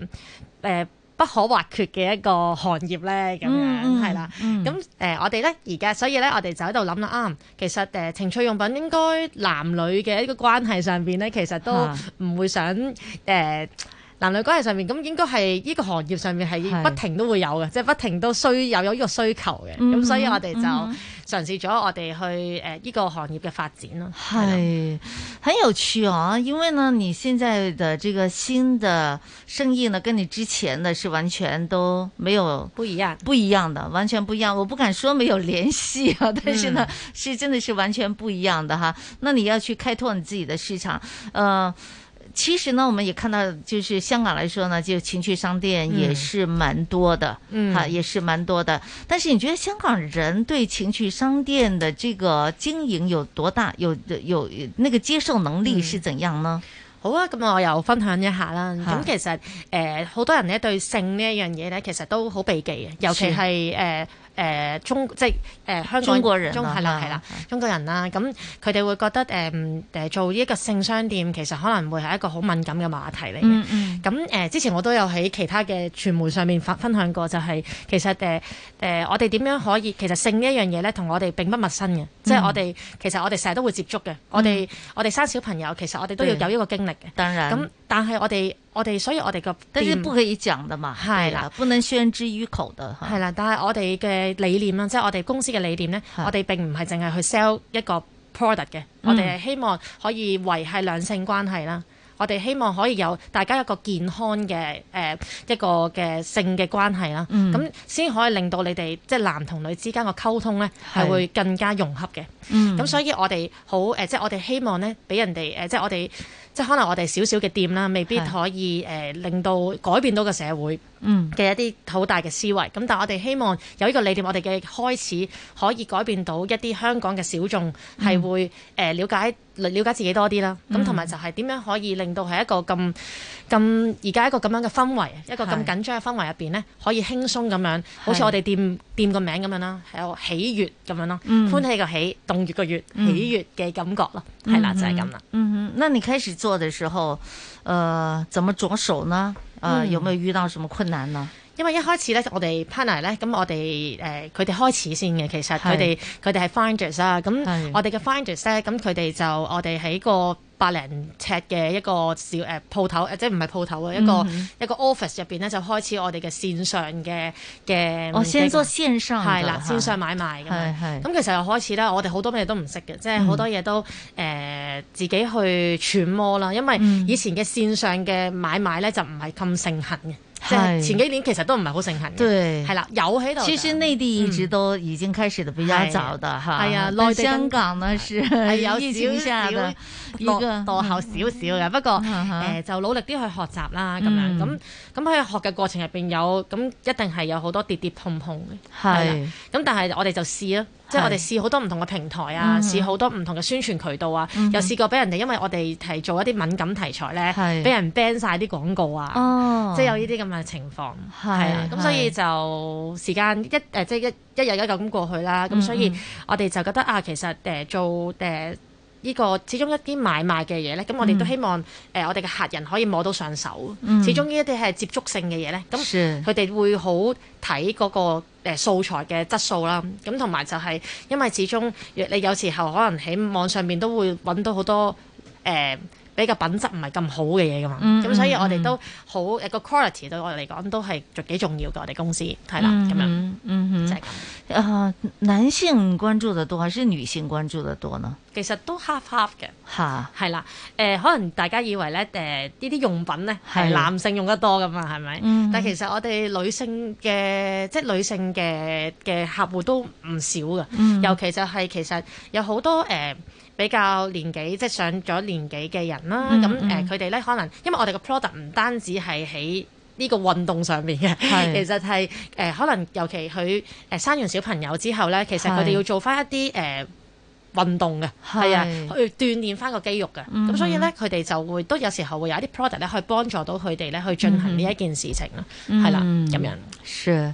呃呃不可或缺嘅一個行業咧，咁樣係啦。咁誒的，嗯、我哋咧而家，所以咧，我哋就喺度諗啦啊，其實誒情趣用品應該男女嘅一個關係上邊咧，其實都唔會想誒。嗯呃男女關係上面，咁應該係呢個行業上面係不停都會有嘅，即係是不停都需要有有呢個需求嘅。咁、嗯、哼所以我哋就嘗試咗我哋去誒依、嗯哼呃呢個行業嘅發展咯。係，很有趣啊！因為呢，你現在的這個新的生意呢，跟你之前呢，是完全都沒有不一樣，不一樣的，完全不一樣。我不敢說沒有聯繫啊，嗯、但是呢，是真的是完全不一樣的哈。那你要去開拓你自己的市場，呃其實呢，我們也看到，就是香港來說呢，就情趣商店也是蠻多的，哈、嗯嗯啊，也是蠻多的。但是你覺得香港人對情趣商店的這個經營有多大，有有，有那個接受能力是怎樣呢？嗯、好啊，咁我又分享一下啦。咁、啊、其實誒，好、呃、多人呢對性呢一樣嘢呢，其實都好避忌嘅，尤其係誒。是呃誒、呃、中即係誒、呃、香港人，中係啦係啦，中國人啦、啊，咁佢哋會覺得誒誒、呃、做依一個性商店，其實可能會係一個好敏感嘅話題嚟嘅。嗯嗯咁誒、呃，之前我都有喺其他嘅傳媒上面分分享過、就是，就係其實誒誒、呃，我哋點樣可以其實性呢一樣嘢咧，同我哋並不陌生嘅，嗯、即係我哋其實我哋成日都會接觸嘅、嗯，我哋我哋生小朋友，其實我哋都要有依個經歷嘅、嗯。當然。但係我哋，我哋所以我哋嘅，但是不可以講的嘛，係啦，不能宣之於口的，係啦。但係我哋嘅理念啦，即係我哋公司嘅理念咧是，我哋並唔係淨係去 sell 一個 product 嘅，我哋係希望可以維繫兩性關係啦。嗯嗯我哋希望可以有大家一個健康嘅誒一個嘅性嘅關係啦，咁先、嗯、可以令到你哋即係男同女之間嘅溝通咧係會更加融合嘅。咁、嗯、所以我哋好誒即係我哋希望咧，俾人哋誒即係我哋即係可能我哋少少嘅店啦，未必可以誒是、呃、令到改變到個社會嘅一啲好大嘅思維，咁、嗯、但係我哋希望有呢個理念，我哋嘅開始可以改變到一啲香港嘅小眾，係會誒了解，嚟了解自己多啲啦，咁同埋就係點樣可以令到係一個咁咁而家一個咁樣嘅氛圍，是一個咁緊張嘅氛圍入邊咧，可以輕鬆咁樣，好似我哋店店個名咁樣啦，係有喜悅咁樣咯，歡喜個喜，動悅個悅，嗯、喜悅嘅感覺咯，係啦、嗯，就係咁啦。嗯，那你開始做嘅時候，呃，怎麼着手呢？啊、呃，有沒有遇到什麼困難呢？因為一開始咧，我哋 partner 咧，咁我哋誒佢哋開始先嘅。其實佢哋佢哋係是 finders 啊。咁我哋嘅 finders 咧，咁佢哋就我哋喺個百零尺嘅一個小誒鋪、呃、頭，誒即係唔係鋪頭啊，一個、嗯、哼一個 office 入邊咧，就開始我哋嘅線上嘅嘅。我、嗯哦、先做線上係啦，線上買賣嘅。咁其實又開始啦，我哋好多嘢都唔識嘅，嗯、即係好多嘢都誒、呃、自己去揣摩啦。因為以前嘅線上嘅買賣咧，就唔係咁盛行嘅。即係前幾年其實都唔係好盛行嘅，對，係啦有喺度。其實內地一直都已經開始得比較早的，係嘛？係啊，內地、香港呢是係有少少落落後少少嘅，不過誒就努力啲去學習啦，咁樣咁咁喺學嘅過程入邊有咁一定係有好多跌跌碰碰嘅，係咁但係我哋就試啦。即係我哋試好多唔同嘅平台啊，的試好多唔同嘅宣傳渠道啊，嗯、哼又試過俾人哋，因為我哋係做一啲敏感題材咧，俾的人 ban 晒啲廣告啊，哦、即係有呢啲咁嘅情況，係啊的，咁的所以就時間一即係一一日一嚿咁過去啦。咁、嗯、哼所以我哋就覺得啊，其實、呃、做誒呢個始終一啲買賣嘅嘢咧，咁、嗯、我哋都希望、呃、我哋嘅客人可以摸到上手。嗯、始終呢一啲係接觸性嘅嘢咧，咁佢哋會好睇嗰、那個。素材嘅質素啦，咁同埋就係因為始終，你有時候可能喺網上面都會揾到好多誒。欸比較品質唔係咁好嘅嘢㗎嘛，咁所以我哋都好誒個 quality 對我哋嚟講都係幾重要嘅。我哋公司係啦，咁樣，嗯嗯就係咁。啊，男性關注得多，還是女性關注得多呢？其實都 half half 嘅。嚇，係啦，誒，可能大家以為咧，誒呢啲用品咧係男性用得多㗎嘛，係咪？但其實我哋女性嘅即係女性嘅嘅客戶都唔少㗎，尤其就係其實有好多誒。比較年紀即係上咗年紀嘅人啦，咁誒佢哋咧可能因為我哋嘅 product 唔單止係喺呢個運動上面嘅是、呃呃，其實係誒可能尤其佢誒生完小朋友之後咧，其實佢哋要做翻一啲誒、呃、運動嘅，係是啊，去鍛鍊翻個肌肉嘅。咁、嗯、所以咧佢哋就會都有時候會有一啲 product 咧去幫助到佢哋咧去進行呢一件事情、嗯、啦，係啦咁樣。是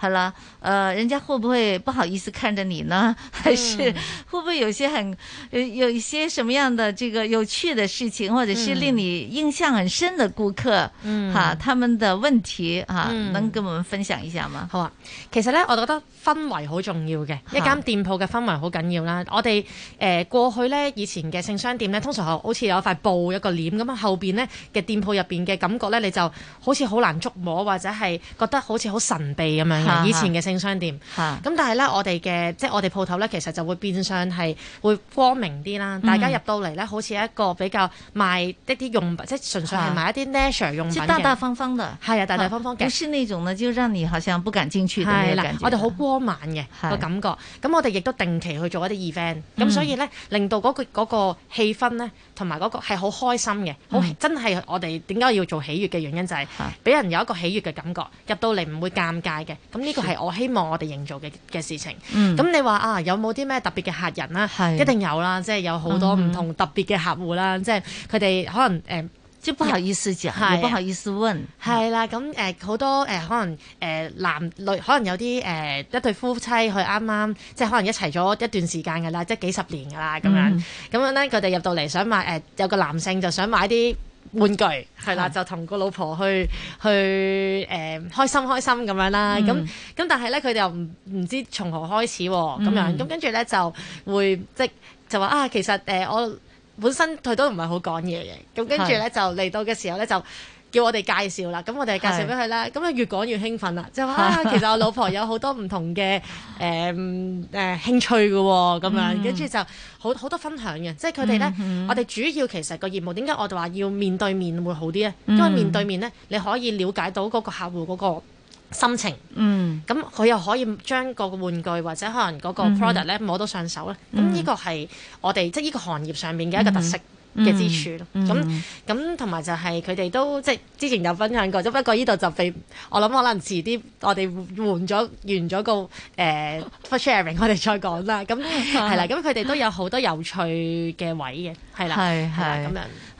好了，呃，人家會不會不好意思看着你呢？還是會不會有些很有有一些什麼樣的這個有趣的事情，或者是令你印象很深的顧客？嗯、啊，他們的問題吓，啊嗯、能跟我們分享一下嗎？好啊。其實咧，我覺得氛圍好重要嘅，一間店鋪嘅氛圍好緊要啦。是我哋誒、呃、過去咧以前嘅性商店咧，通常好似有一塊布一個簾咁啊，後邊咧嘅店鋪入邊嘅感覺咧，你就好似好難觸摸，或者係覺得好似好神秘咁樣。以前嘅性商店，咁但係咧，我哋嘅即係我哋鋪頭咧，其實就會變相係會光明啲啦。大家入到嚟咧，好似一個比較賣一啲用品，即係純粹係賣一啲 nature 用品，大大方方嘅，係啊，大大方方嘅。不是呢種呢，就讓你好像不敢進去的那種感覺。嗱，我哋好光猛嘅個感覺，咁我哋亦都定期去做一啲 event，咁所以咧令到嗰個個氣氛咧同埋嗰個係好開心嘅，好真係我哋點解要做喜悅嘅原因就係俾人有一個喜悅嘅感覺，入到嚟唔會尷尬嘅。呢個係我希望我哋營造嘅嘅事情。咁、嗯、你話啊，有冇啲咩特別嘅客人啦？是一定有啦，即、就、係、是、有好多唔同特別嘅客戶啦，即係佢哋可能誒，即、呃、係不好意思，係、嗯、不好意思問。係啦、啊，咁誒好多誒、呃、可能誒、呃、男女，可能有啲誒、呃、一對夫妻去啱啱，去啱啱即係可能一齊咗一段時間㗎啦，即係幾十年㗎啦，咁樣咁、嗯、樣咧，佢哋入到嚟想買誒、呃，有個男性就想買啲。玩具係啦，就同個老婆去的去誒、呃，開心開心咁樣啦。咁咁、嗯、但係咧，佢哋又唔唔知從何開始喎。咁、嗯、樣咁跟住咧就會即就話、是、啊，其實誒、呃、我本身佢都唔係好講嘢嘅。咁跟住咧就嚟到嘅時候咧就，叫我哋介紹啦，咁我哋介紹俾佢啦。咁啊是的 越講越興奮啦，就話是的、啊、其實我老婆有好多唔同嘅誒誒興趣嘅，咁、 嗯嗯、樣跟住就好好多分享嘅。即係佢哋咧，嗯嗯、我哋主要其實個業務點解我哋話要面對面會好啲咧？嗯、因為面對面咧，你可以了解到嗰個客戶嗰個心情，咁佢、嗯嗯嗯、又可以將個玩具或者可能嗰個 product 咧摸到上手啦。咁呢個係我哋即係呢個行業上面嘅一個特色。嗯嗯嘅之處咯，咁咁同埋就係佢哋都即係之前有分享過，只不過呢度就未，我諗可能遲啲我哋換咗完咗個誒、呃、 sharing，我哋再講啦。咁係啦，咁佢哋都有好多有趣嘅位嘅，係啦，係啦， 咁樣。的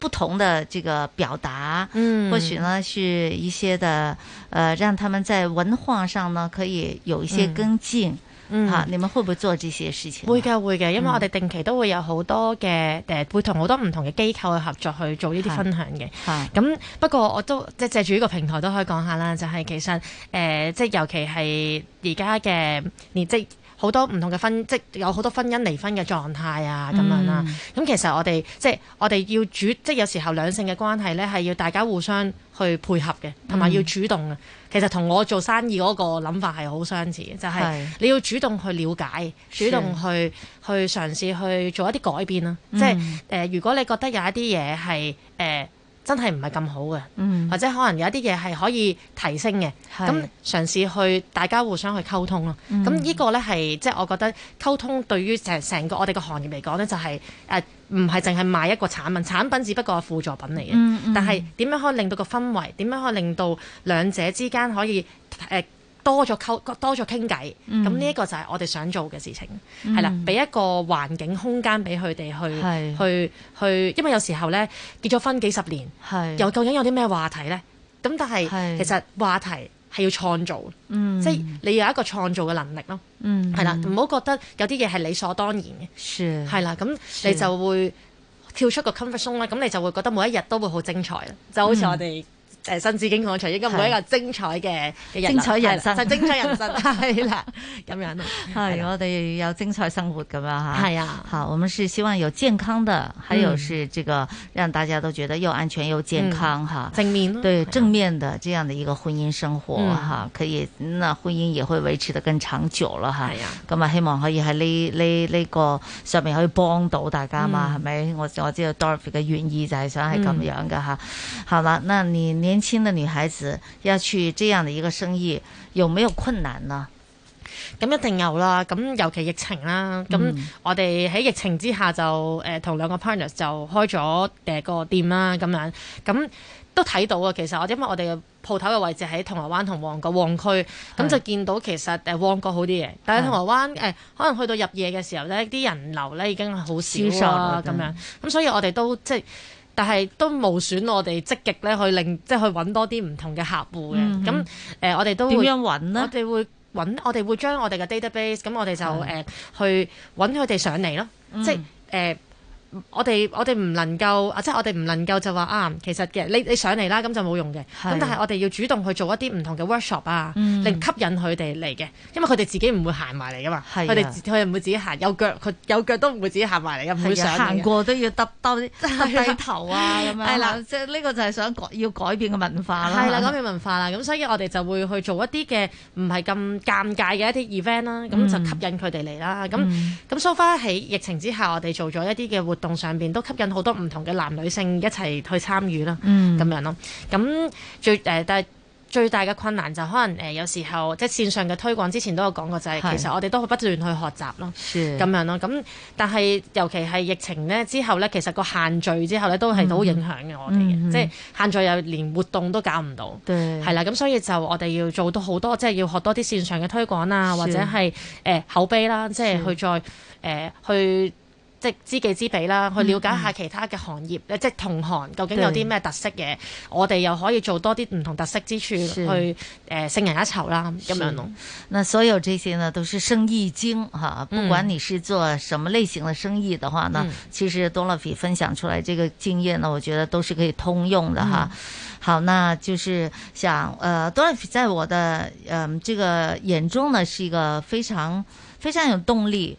不同的這個表達，嗯，或許呢，是一些的，呃，讓他們在文化上呢，可以有一些跟進，吓，你們會唔會做呢啲事事情？會嘅會嘅，因為我哋定期都會有好多嘅，誒、嗯，會同好多唔同嘅機構去合作去做呢啲分享嘅。咁不過我都即係借住呢個平台都可以講下啦，就係、是、其實，誒、呃，即係尤其係而家嘅年即。好多唔同嘅婚，即有好多婚姻離婚嘅狀態啊，咁、嗯、樣啦。咁其實我哋即我哋要主，即有時候兩性嘅關係咧，係要大家互相去配合嘅，同埋、嗯、要主動嘅。其實同我做生意嗰個諗法係好相似，就係、是、你要主動去了解，的主動去去嘗試去做一啲改變啦、啊。嗯、即、呃、如果你覺得有一啲嘢係誒。呃真係唔係咁好嘅，嗯、或者可能有一啲嘢係可以提升嘅，咁是嘗試去大家互相去溝通咯。咁呢、嗯、個呢，係即係我覺得溝通對於成成個我哋個行業嚟講呢，就係誒唔係淨係賣一個產品，產品只不過係輔助品嚟嘅。嗯嗯、但係點樣可以令到個氛圍，點樣可以令到兩者之間可以誒，呃多咗溝多咗傾偈，咁呢一個就係我哋想做嘅事情，係啦，俾一個環境空間俾佢哋去去去，因為有時候呢，結咗婚幾十年，又究竟有啲咩話題呢？咁但係其實話題係要創造，即係你有一個創造嘅能力咯，係啦，唔好覺得有啲嘢係理所當然嘅，係啦，咁你就會跳出個 comfort zone 啦，咁你就會覺得每一日都會好精彩，就好似我哋。誒新紫荊廣場，應該唔會一個精彩嘅精彩人生，精彩人生係啦，咁樣係我哋有精彩生活咁樣嚇。係啊，好，我們是希望有健康的，還有是這個讓大家都覺得又安全又健康嚇。正面對正面的這樣的，一個婚姻生活嚇，可以那婚姻也會維持得更長久啦嚇。係啊，咁啊，希望可以喺呢呢呢個上面可以幫到大家嘛，係咪？我我知道 Dorothy 嘅願意就係想係咁樣嘅嚇，好啦，那你你。年輕的女孩子要去這樣的一個生意，有沒有困難呢？咁一定有啦，咁尤其疫情啦，咁、嗯、我哋喺疫情之下就誒同、呃、兩個 partners 就開咗誒、呃、個店啦，咁樣，咁都睇到啊。其實我因為我哋鋪頭嘅位置喺銅鑼灣同旺角旺區，咁是就見到其實誒旺角好啲嘢，但係銅鑼灣誒是、哎、可能去到入夜嘅時候呢啲人流呢已經好少啦，咁樣，咁、嗯、所以我哋都即係。但係都無損我哋積極咧去令，即係去揾多啲唔同嘅客戶嘅。咁誒、呃，我哋都點樣揾咧？我哋會揾，我哋會將我哋嘅 database，咁我哋就誒的、呃、去揾佢哋上嚟咯。嗯、即係誒。呃我哋我哋唔能夠啊，即係我哋唔能夠就話啊，其實嘅你你上嚟啦，咁就冇用嘅。咁但係我哋要主動去做一啲唔同嘅 workshop 啊，嚟吸引佢哋嚟嘅，因為佢哋自己唔會行埋嚟㗎嘛。佢哋佢又唔會自己行，有腳佢有腳都唔會自己行埋嚟嘅，唔會想行過都要耷耷耷低頭啊咁樣。係啦，即係呢個就係想要改變嘅文化啦。係啦，改變文化啦，咁所以我哋就會去做一啲嘅唔係咁尷尬嘅一啲 event 啦，咁就吸引佢哋嚟啦。咁咁 so far 喺疫情之下，我哋做咗一啲嘅活動上面都吸引好多唔同嘅男女性一齊去參與啦，咁、嗯、樣咯。咁最誒，但、呃、係最大嘅困難就是可能誒、呃，有時候即係線上嘅推廣之前都有講過、就是，就係是其實我哋都不斷去學習咯，咁是樣咯。咁但係尤其係疫情呢之後呢，其實個限聚之後呢都係好影響嘅我哋嘅，嗯、即係限聚又連活動都搞唔到，係啦對。咁所以就我哋要做到好多，即係要學多啲線上嘅推廣啊，是或者係誒、呃、口碑啦、啊，即係去再誒、呃、去。即係知己知彼啦，去了解下其他嘅行業，嗯嗯、即係同行究竟有啲咩特色嘢，對我哋又可以做多啲唔同特色之處是去誒、呃、勝人一籌啦。咁是樣咯。那所有這些呢，都是生意經、嗯、不管你是做什麼類型嘅生意嘅話呢，嗯、其實多樂比分享出來呢個經驗呢，我覺得都是可以通用嘅嚇。嗯、好，那就是想呃多樂比在我的誒、呃、這個眼中呢，是一個非常非常有動力。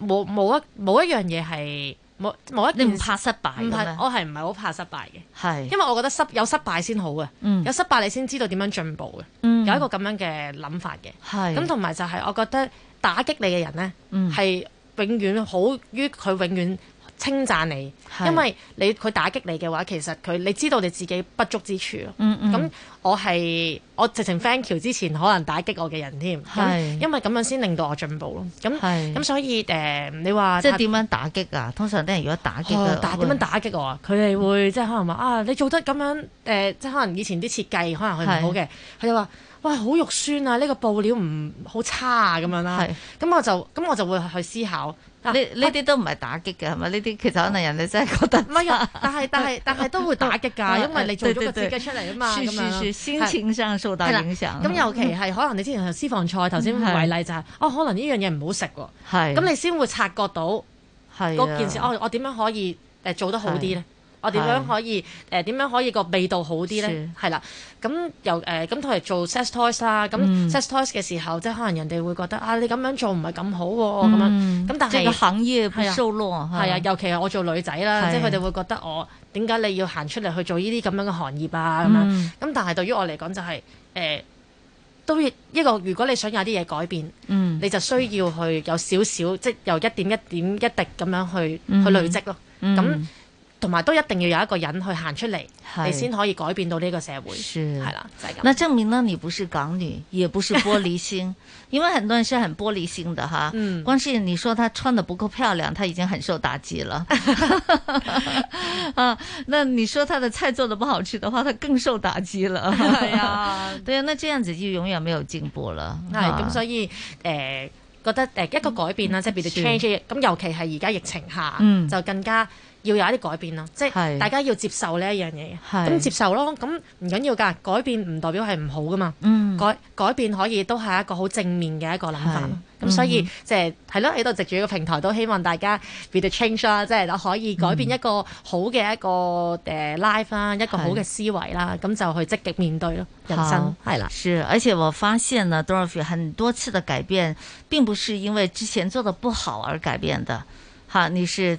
冇冇一冇一樣嘢係冇冇一，你唔怕失敗嘅咩？我係唔係好怕失敗嘅？係是，因為我覺得失有失敗先好嘅，嗯、有失敗你先知道點樣進步嘅，嗯、有一個咁樣嘅諗法嘅。係是，咁同埋就係我覺得打擊你嘅人咧，係永遠好於佢永遠，稱讚你，因為你佢打擊你嘅話，其實佢你知道你自己不足之處咯。咁、嗯嗯、我係我直情 thank you。之前可能打擊我嘅人添，咁是因為咁樣先令到我進步咯。咁咁是所以誒、呃，你話即係點樣打擊啊？通常啲人如果打擊，點樣打擊我啊？佢哋會、嗯、即係可能話啊，你做得咁樣誒、呃，即係可能以前啲設計可能佢唔好嘅，佢就話哇好肉酸啊，呢、這個布料唔好差啊咁樣啦。咁是我就咁我就會去思考。呢呢啲都唔係打擊嘅，係咪？呢啲其實可能人哋真係覺得。唔係啊，但係但係但係都會打擊㗎，因為你做咗個設計出嚟啊嘛，先產生數大影響。咁尤其係可能你之前係私房菜，頭先為例就係哦，可能呢樣嘢唔好食喎，咁你先會察覺到係嗰件事，我我點樣可以誒做得好啲咧？我點樣可以誒？點樣可以個味道好啲咧？係啦，咁由誒咁拖嚟做 sex toys 啦，咁 sex toys 嘅時候，即係可能人哋會覺得啊，你咁樣做唔係咁好喎，咁樣咁但係即係肯依嘅係啊，尤其係我做女仔啦，即係佢哋會覺得我點解你要行出嚟去做呢啲咁樣嘅行業啊？咁樣咁但係對於我嚟講就係誒，都要一個如果你想有啲嘢改變，你就需要去有少少，即由一點一點一滴咁樣去去累積咯，咁。同埋都一定要有一個人去行出嚟，你先可以改變到呢個社會，係啦，就係咁。那證明呢，你不是港女，也不是玻璃心，因為很多人是很玻璃心的哈。嗯，光是你說她穿得不夠漂亮，她已經很受打擊了。啊，那你說她的菜做得不好吃的話，她更受打擊了。係啊，對啊，那這樣子就永遠沒有進步了。那咁所以，誒覺得誒一個改變啦，即係變到 change 咁，尤其係而家疫情下，嗯，就更加。要有一啲改變啦，即係大家要接受呢一樣嘢，咁是接受咯。咁唔緊要噶，改變唔代表係唔好噶嘛。嗯、改改變可以都係一個好正面嘅一個諗法。咁是所以即係係咯，喺度、嗯哼就是、藉住呢個平台，都希望大家 be the change 啦，即係可以改變一個好嘅一個誒 life 啦，一個、呃、life, 一個好嘅思維啦，咁是就去積極面對咯，人生係啦。是，了是而且我發現呢，Dorothy 很多次嘅改變並不是因為之前做得不好而改變的。哈，你是？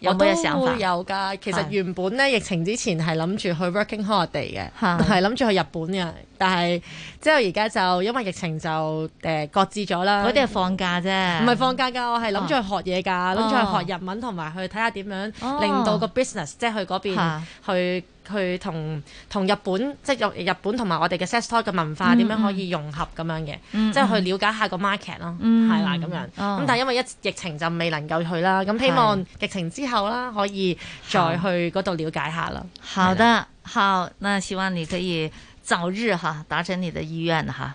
我都會有㗎。其實原本咧疫情之前係諗住去 working holiday 嘅，係諗住去日本嘅。但係之後而家就因為疫情就誒擱、呃、置咗啦。嗰啲係放假啫，唔係放假㗎。我係諗住去學嘢㗎，諗住、哦、去學日文同埋去睇下點樣令到個 business、哦、即係去嗰邊的去。佢同同日本即係日日本同埋我哋嘅 sex toy 嘅文化點樣可以融合咁樣嘅，嗯、即係去了解下個 market 咯，係啦咁樣。咁、哦、但係因為一疫情就未能夠去啦，咁是希望疫情之後啦可以再去嗰度了解下啦。好，啦好的，好，那希望你可以早日哈達成你的願望。哈。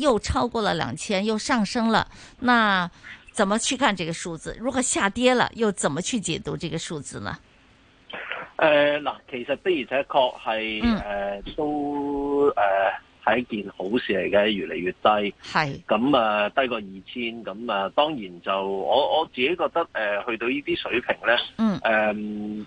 又超過了兩千，又上升了，那怎麼去看這個數字？如果下跌了，又怎麼去解讀這個數字呢？誒嗱、呃，其實的而且確係誒、嗯呃、都誒係、呃、一件好事嚟嘅，越嚟越低。係咁啊，低過二千，咁啊，當然就我我自己覺得誒、呃，去到呢啲水平咧，誒、嗯呃，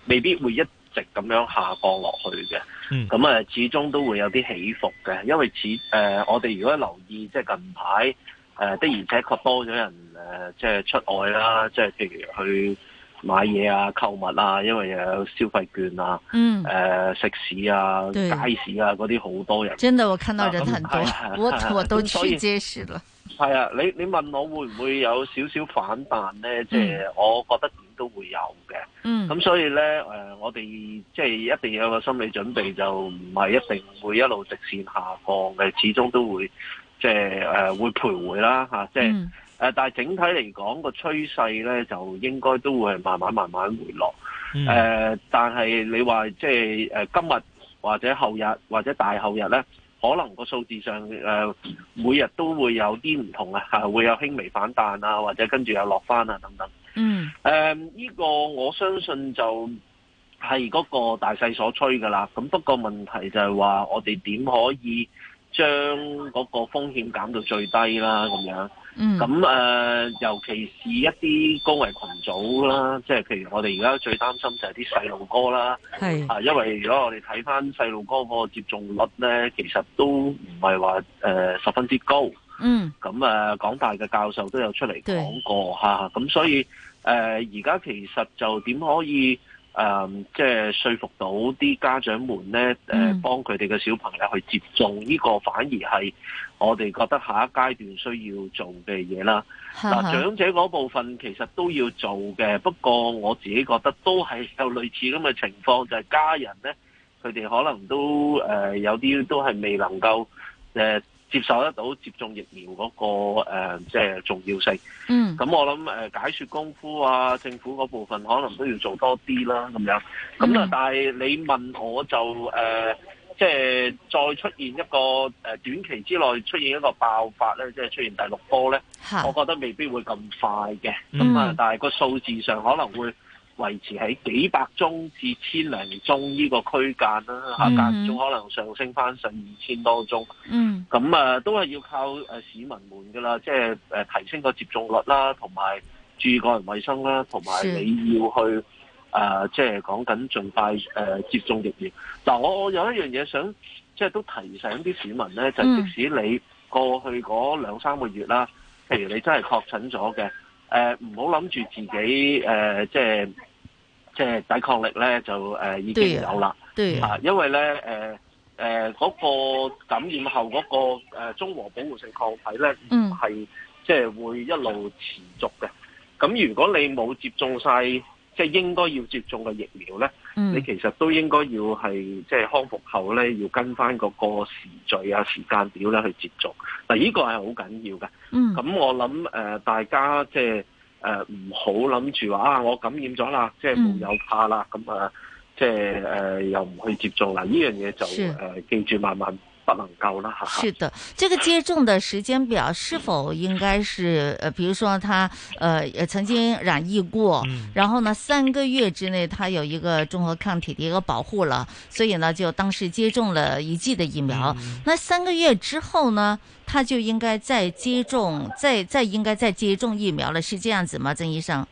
未必會一。直咁樣下降落去嘅，咁啊、嗯、始終都會有啲起伏嘅，因為始誒、呃、我哋如果留意，即係近排誒、呃、的而且確多咗人、呃、即係出外啦，即係譬如去買嘢啊、購物啊，因為又有消費券啊，誒、嗯呃、食肆啊、對街市啊嗰啲好多人。真的，我看到人很多，啊、我、啊、我都去街市了。嗯。係啊，你你問我會唔會有少少反彈咧？即係、嗯、我覺得點都會有嘅。嗯。咁所以咧，誒、呃，我哋即係一定要有個心理準備，就唔係一定會一路直，直線下降嘅，始終都會即係誒會徘徊啦吓、即係、嗯。即、呃、但係整體嚟講個趨勢咧，就應該都會慢慢慢慢回落。嗯。呃、但係你話即係今日或者後日或者大後日咧？可能個數字上，呃，每日都會有啲唔同啊，會有輕微反彈啊，或者跟住又落翻啊等等。嗯，呃，誒、這、呢個我相信就係嗰個大勢所趨㗎啦。咁不過問題就係話我哋點可以將嗰個風險減到最低啦？咁樣。咁誒、嗯呃，尤其是一啲高危群組啦，即係譬如我哋而家最擔心就係啲細路哥啦，啊是，因為如果我哋睇翻細路哥個接種率咧，其實都唔係話誒十分之高，嗯，咁誒港大嘅教授都有出嚟講過咁對、啊、所以誒而家其實就點可以？誒，即係、嗯就是、說服到啲家長們咧，誒幫佢哋嘅小朋友去接種，呢、嗯、個反而係我哋覺得下一階段需要做嘅嘢啦。嗱、嗯，長者嗰部分其實都要做嘅，不過我自己覺得都係有類似咁嘅情況，就係、是、家人咧，佢哋可能都誒、呃、有啲都係未能夠誒。呃接受得到接種疫苗嗰個，誒，即係重要性。嗯、mm.，咁我諗誒解說功夫啊，政府嗰部分可能都要做多啲啦，咁樣，咁啊，但係你問我就誒即係再出現一個誒短期之內出現一個爆發咧，即係出現第六波咧，我覺得未必會咁快嘅。咁啊、mm.，但係個數字上可能會。維持喺幾百宗至千零宗呢個區間啦，間中仲可能上升翻上二千多宗。咁啊、mm hmm.，都係要靠誒市民們噶啦，即係誒提升個接種率啦，同埋注意個人衛生啦，同埋你要去誒即係講緊盡快誒接種疫苗。嗱，我我有一樣嘢想即係、就是、都提醒啲市民咧，就是、即使你過去嗰兩三個月啦，譬如你真係確診咗嘅。誒唔好諗住自己誒，即係即係抵抗力咧就誒已經有啦嚇，onents, yeah! Yeah. Yeah. Yeah. 因為咧誒誒嗰個感染後嗰個誒中和保護性抗體咧，係即係會一路持續嘅。咁、嗯、如果你冇接種曬即係應該要接種嘅疫苗咧？嗯、你其實都應該要係即係康復後咧，要跟翻個個時序啊、時間表咧去接種。嗱，呢個係好緊要嘅。咁我諗誒、呃，大家即係誒唔好諗住話啊，我感染咗啦，即係冇有怕啦，咁、嗯、啊，即係誒又唔去接種啦。呢樣嘢就誒的、呃、記住慢慢。不能夠啦，吓！是的，這個接種的時間表是否應該是，呃，比如說他，呃，曾經染疫過，嗯、然後呢，三個月之內他有一個中和抗體的一個保護了，所以呢，就當時接種了一劑的疫苗。嗯、那三個月之後呢，他就應該再接種，再再應該再接種疫苗了，是這樣子嗎，曾醫生？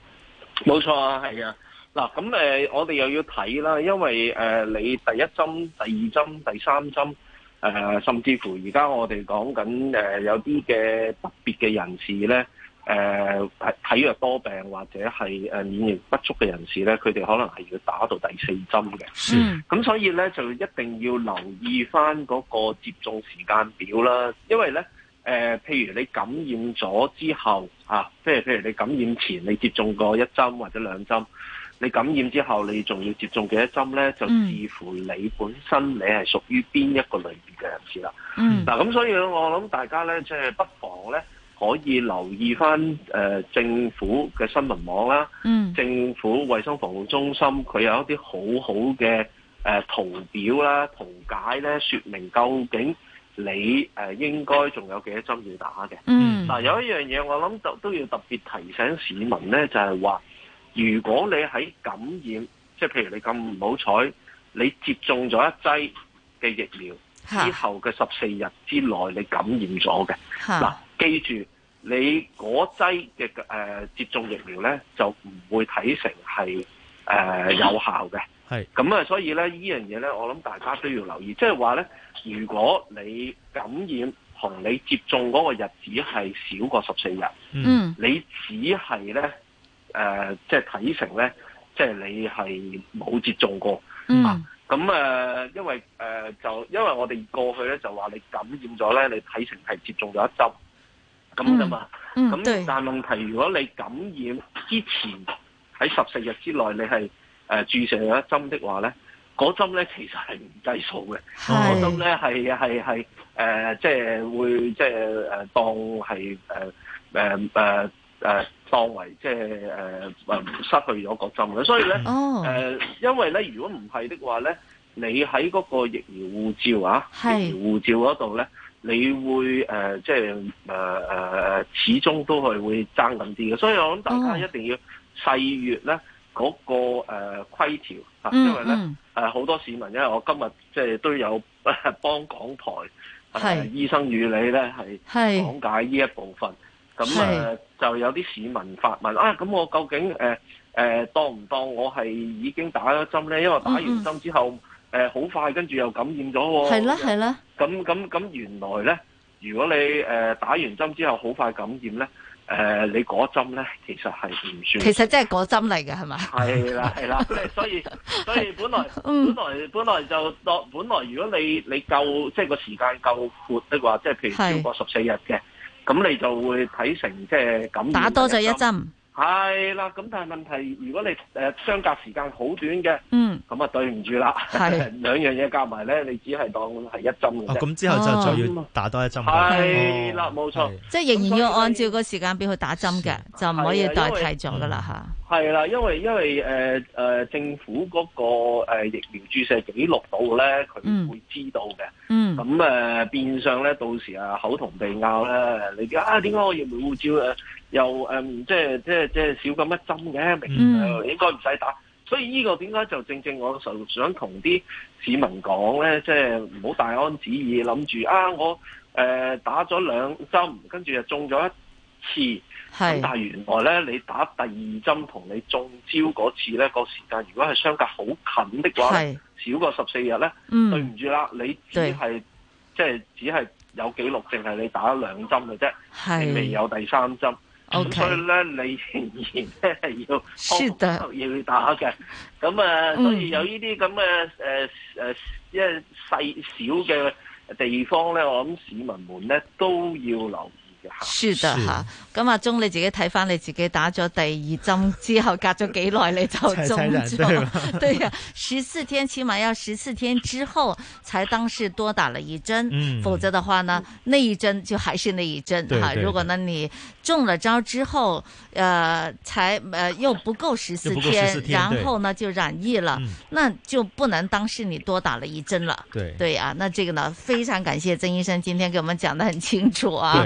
冇錯，係啊。嗱，咁誒、嗯，我哋又要睇啦，因為誒、呃，你第一針、第二針、第三針。誒、呃，甚至乎而家我哋講緊誒，有啲嘅特別嘅人士咧，誒、呃、體體弱多病或者係誒免疫不足嘅人士咧，佢哋可能係要打到第四針嘅。嗯，咁所以咧就一定要留意返嗰個接種時間表啦，因為咧誒、呃，譬如你感染咗之後啊，即係譬如你感染前你接種過一針或者兩針。你感染之後，你仲要接種幾多針呢？就視乎你本身你係屬於邊一個類別嘅人士啦。嗱、嗯，咁所以咧，我諗大家呢，即係不妨呢，可以留意翻政府嘅新聞網啦。嗯、政府衛生防護中心佢有一啲好好嘅誒圖表啦、圖解呢，說明究竟你誒應該仲有幾多針要打嘅。嗯，嗱，有一樣嘢我諗就都要特別提醒市民呢，就係話。如果你喺感染，即係譬如你咁唔好彩，你接種咗一劑嘅疫苗之後嘅十四日之內你感染咗嘅，嗱，記住你嗰劑嘅誒接種疫苗咧就唔會睇成係誒、呃、有效嘅，係咁啊，所以咧呢樣嘢咧，我諗大家都要留意，即係話咧，如果你感染同你接種嗰個日子係少過十四日，嗯，你只係咧。誒、呃，即係睇成咧，即係你係冇接種過，嗯、啊，咁、呃、誒，因為誒、呃，就因為我哋過去咧就話你感染咗咧，你睇成係接種咗一針咁咋嘛，咁、嗯嗯、但係問題，如果你感染之前喺十四日之內你係誒注射咗一針的話咧，嗰針咧其實係唔計數嘅，嗰針咧係係係誒，即係會即係誒當係誒誒誒誒。呃呃呃呃當為即、就、係、是呃、失去咗個針嘅，所以咧、oh. 呃、因為咧，如果唔係的話咧，你喺嗰個疫苗護照啊，是疫苗護照嗰度咧，你會誒即係誒始終都係會爭緊啲嘅。所以我諗大家一定要細閱咧嗰、oh. 那個誒、呃、規條、mm hmm. 因為咧誒好多市民因為我今日即係都有幫港台是、啊、醫生與你咧係講解呢一部分。咁啊那是、呃，就有啲市民發問啊，咁我究竟誒誒、呃呃、當唔當我係已經打咗針咧？因為打完針之後誒好、嗯呃、快，跟住又感染咗。係啦的，係啦、嗯。咁咁咁，原來咧，如果你誒、呃、打完針之後好快感染咧，誒、呃、你嗰針咧其實係唔算。其實真係嗰針嚟嘅係咪？係啦，係啦。所以所以本來的本來、嗯、本來就當本來如果你你夠即係個時間夠闊，嘅話即係譬如超過十四日嘅。咁你就會睇成即係咁打多咗一針。係啦，咁但係問題，如果你、呃、相隔時間好短嘅，嗯，咁啊對唔住啦，係兩的樣嘢夾埋咧，你只係當係一針嘅。咁之後就再要打多一針。係啦、嗯，冇錯。即係仍然要按照個時間表去打針嘅，的就唔可以代替咗噶啦。係啦，因為、嗯、因為誒、呃呃、政府嗰個疫苗注射記錄度咧，佢會知道嘅、嗯。嗯。咁誒、呃、變相咧，到時啊口同鼻拗咧，你啊點解我要疫苗護照啊？又誒、嗯，即係即即少咁一針嘅，明誒應該唔使打。嗯、所以呢個點解就正正我就想同啲市民講咧，即係唔好大安旨意，諗住啊，我誒、呃、打咗兩針，跟住又中咗一次，是但原來咧，你打第二針同你中招嗰次咧、個時間，如果係相隔好近的話，是少過十四日咧，嗯、對唔住啦，你只係對即係只係有記錄，淨係你打咗兩針嘅啫，是你未有第三針。咁所以咧，你仍然咧係要要打嘅。咁 啊樂，所以有呢啲咁嘅誒誒，即係細小嘅地方咧，我諗市民們咧都要留。 是的，是哈。咁啊，鍾麗自個睇翻你自己打咗第二針之後隔咗幾耐你就中咗？ 對,對啊，十四天起碼要十四天之後才當是多打了一針，嗯、否則的話呢，那一針就還是那一針。對哈如果呢你中了招之後，呃，才呃又不夠十四天，天然後呢就染疫了，嗯、那就不能當是你多打了一針了。對，對啊，那這個呢非常感謝曾醫生今天給我們講得很清楚啊。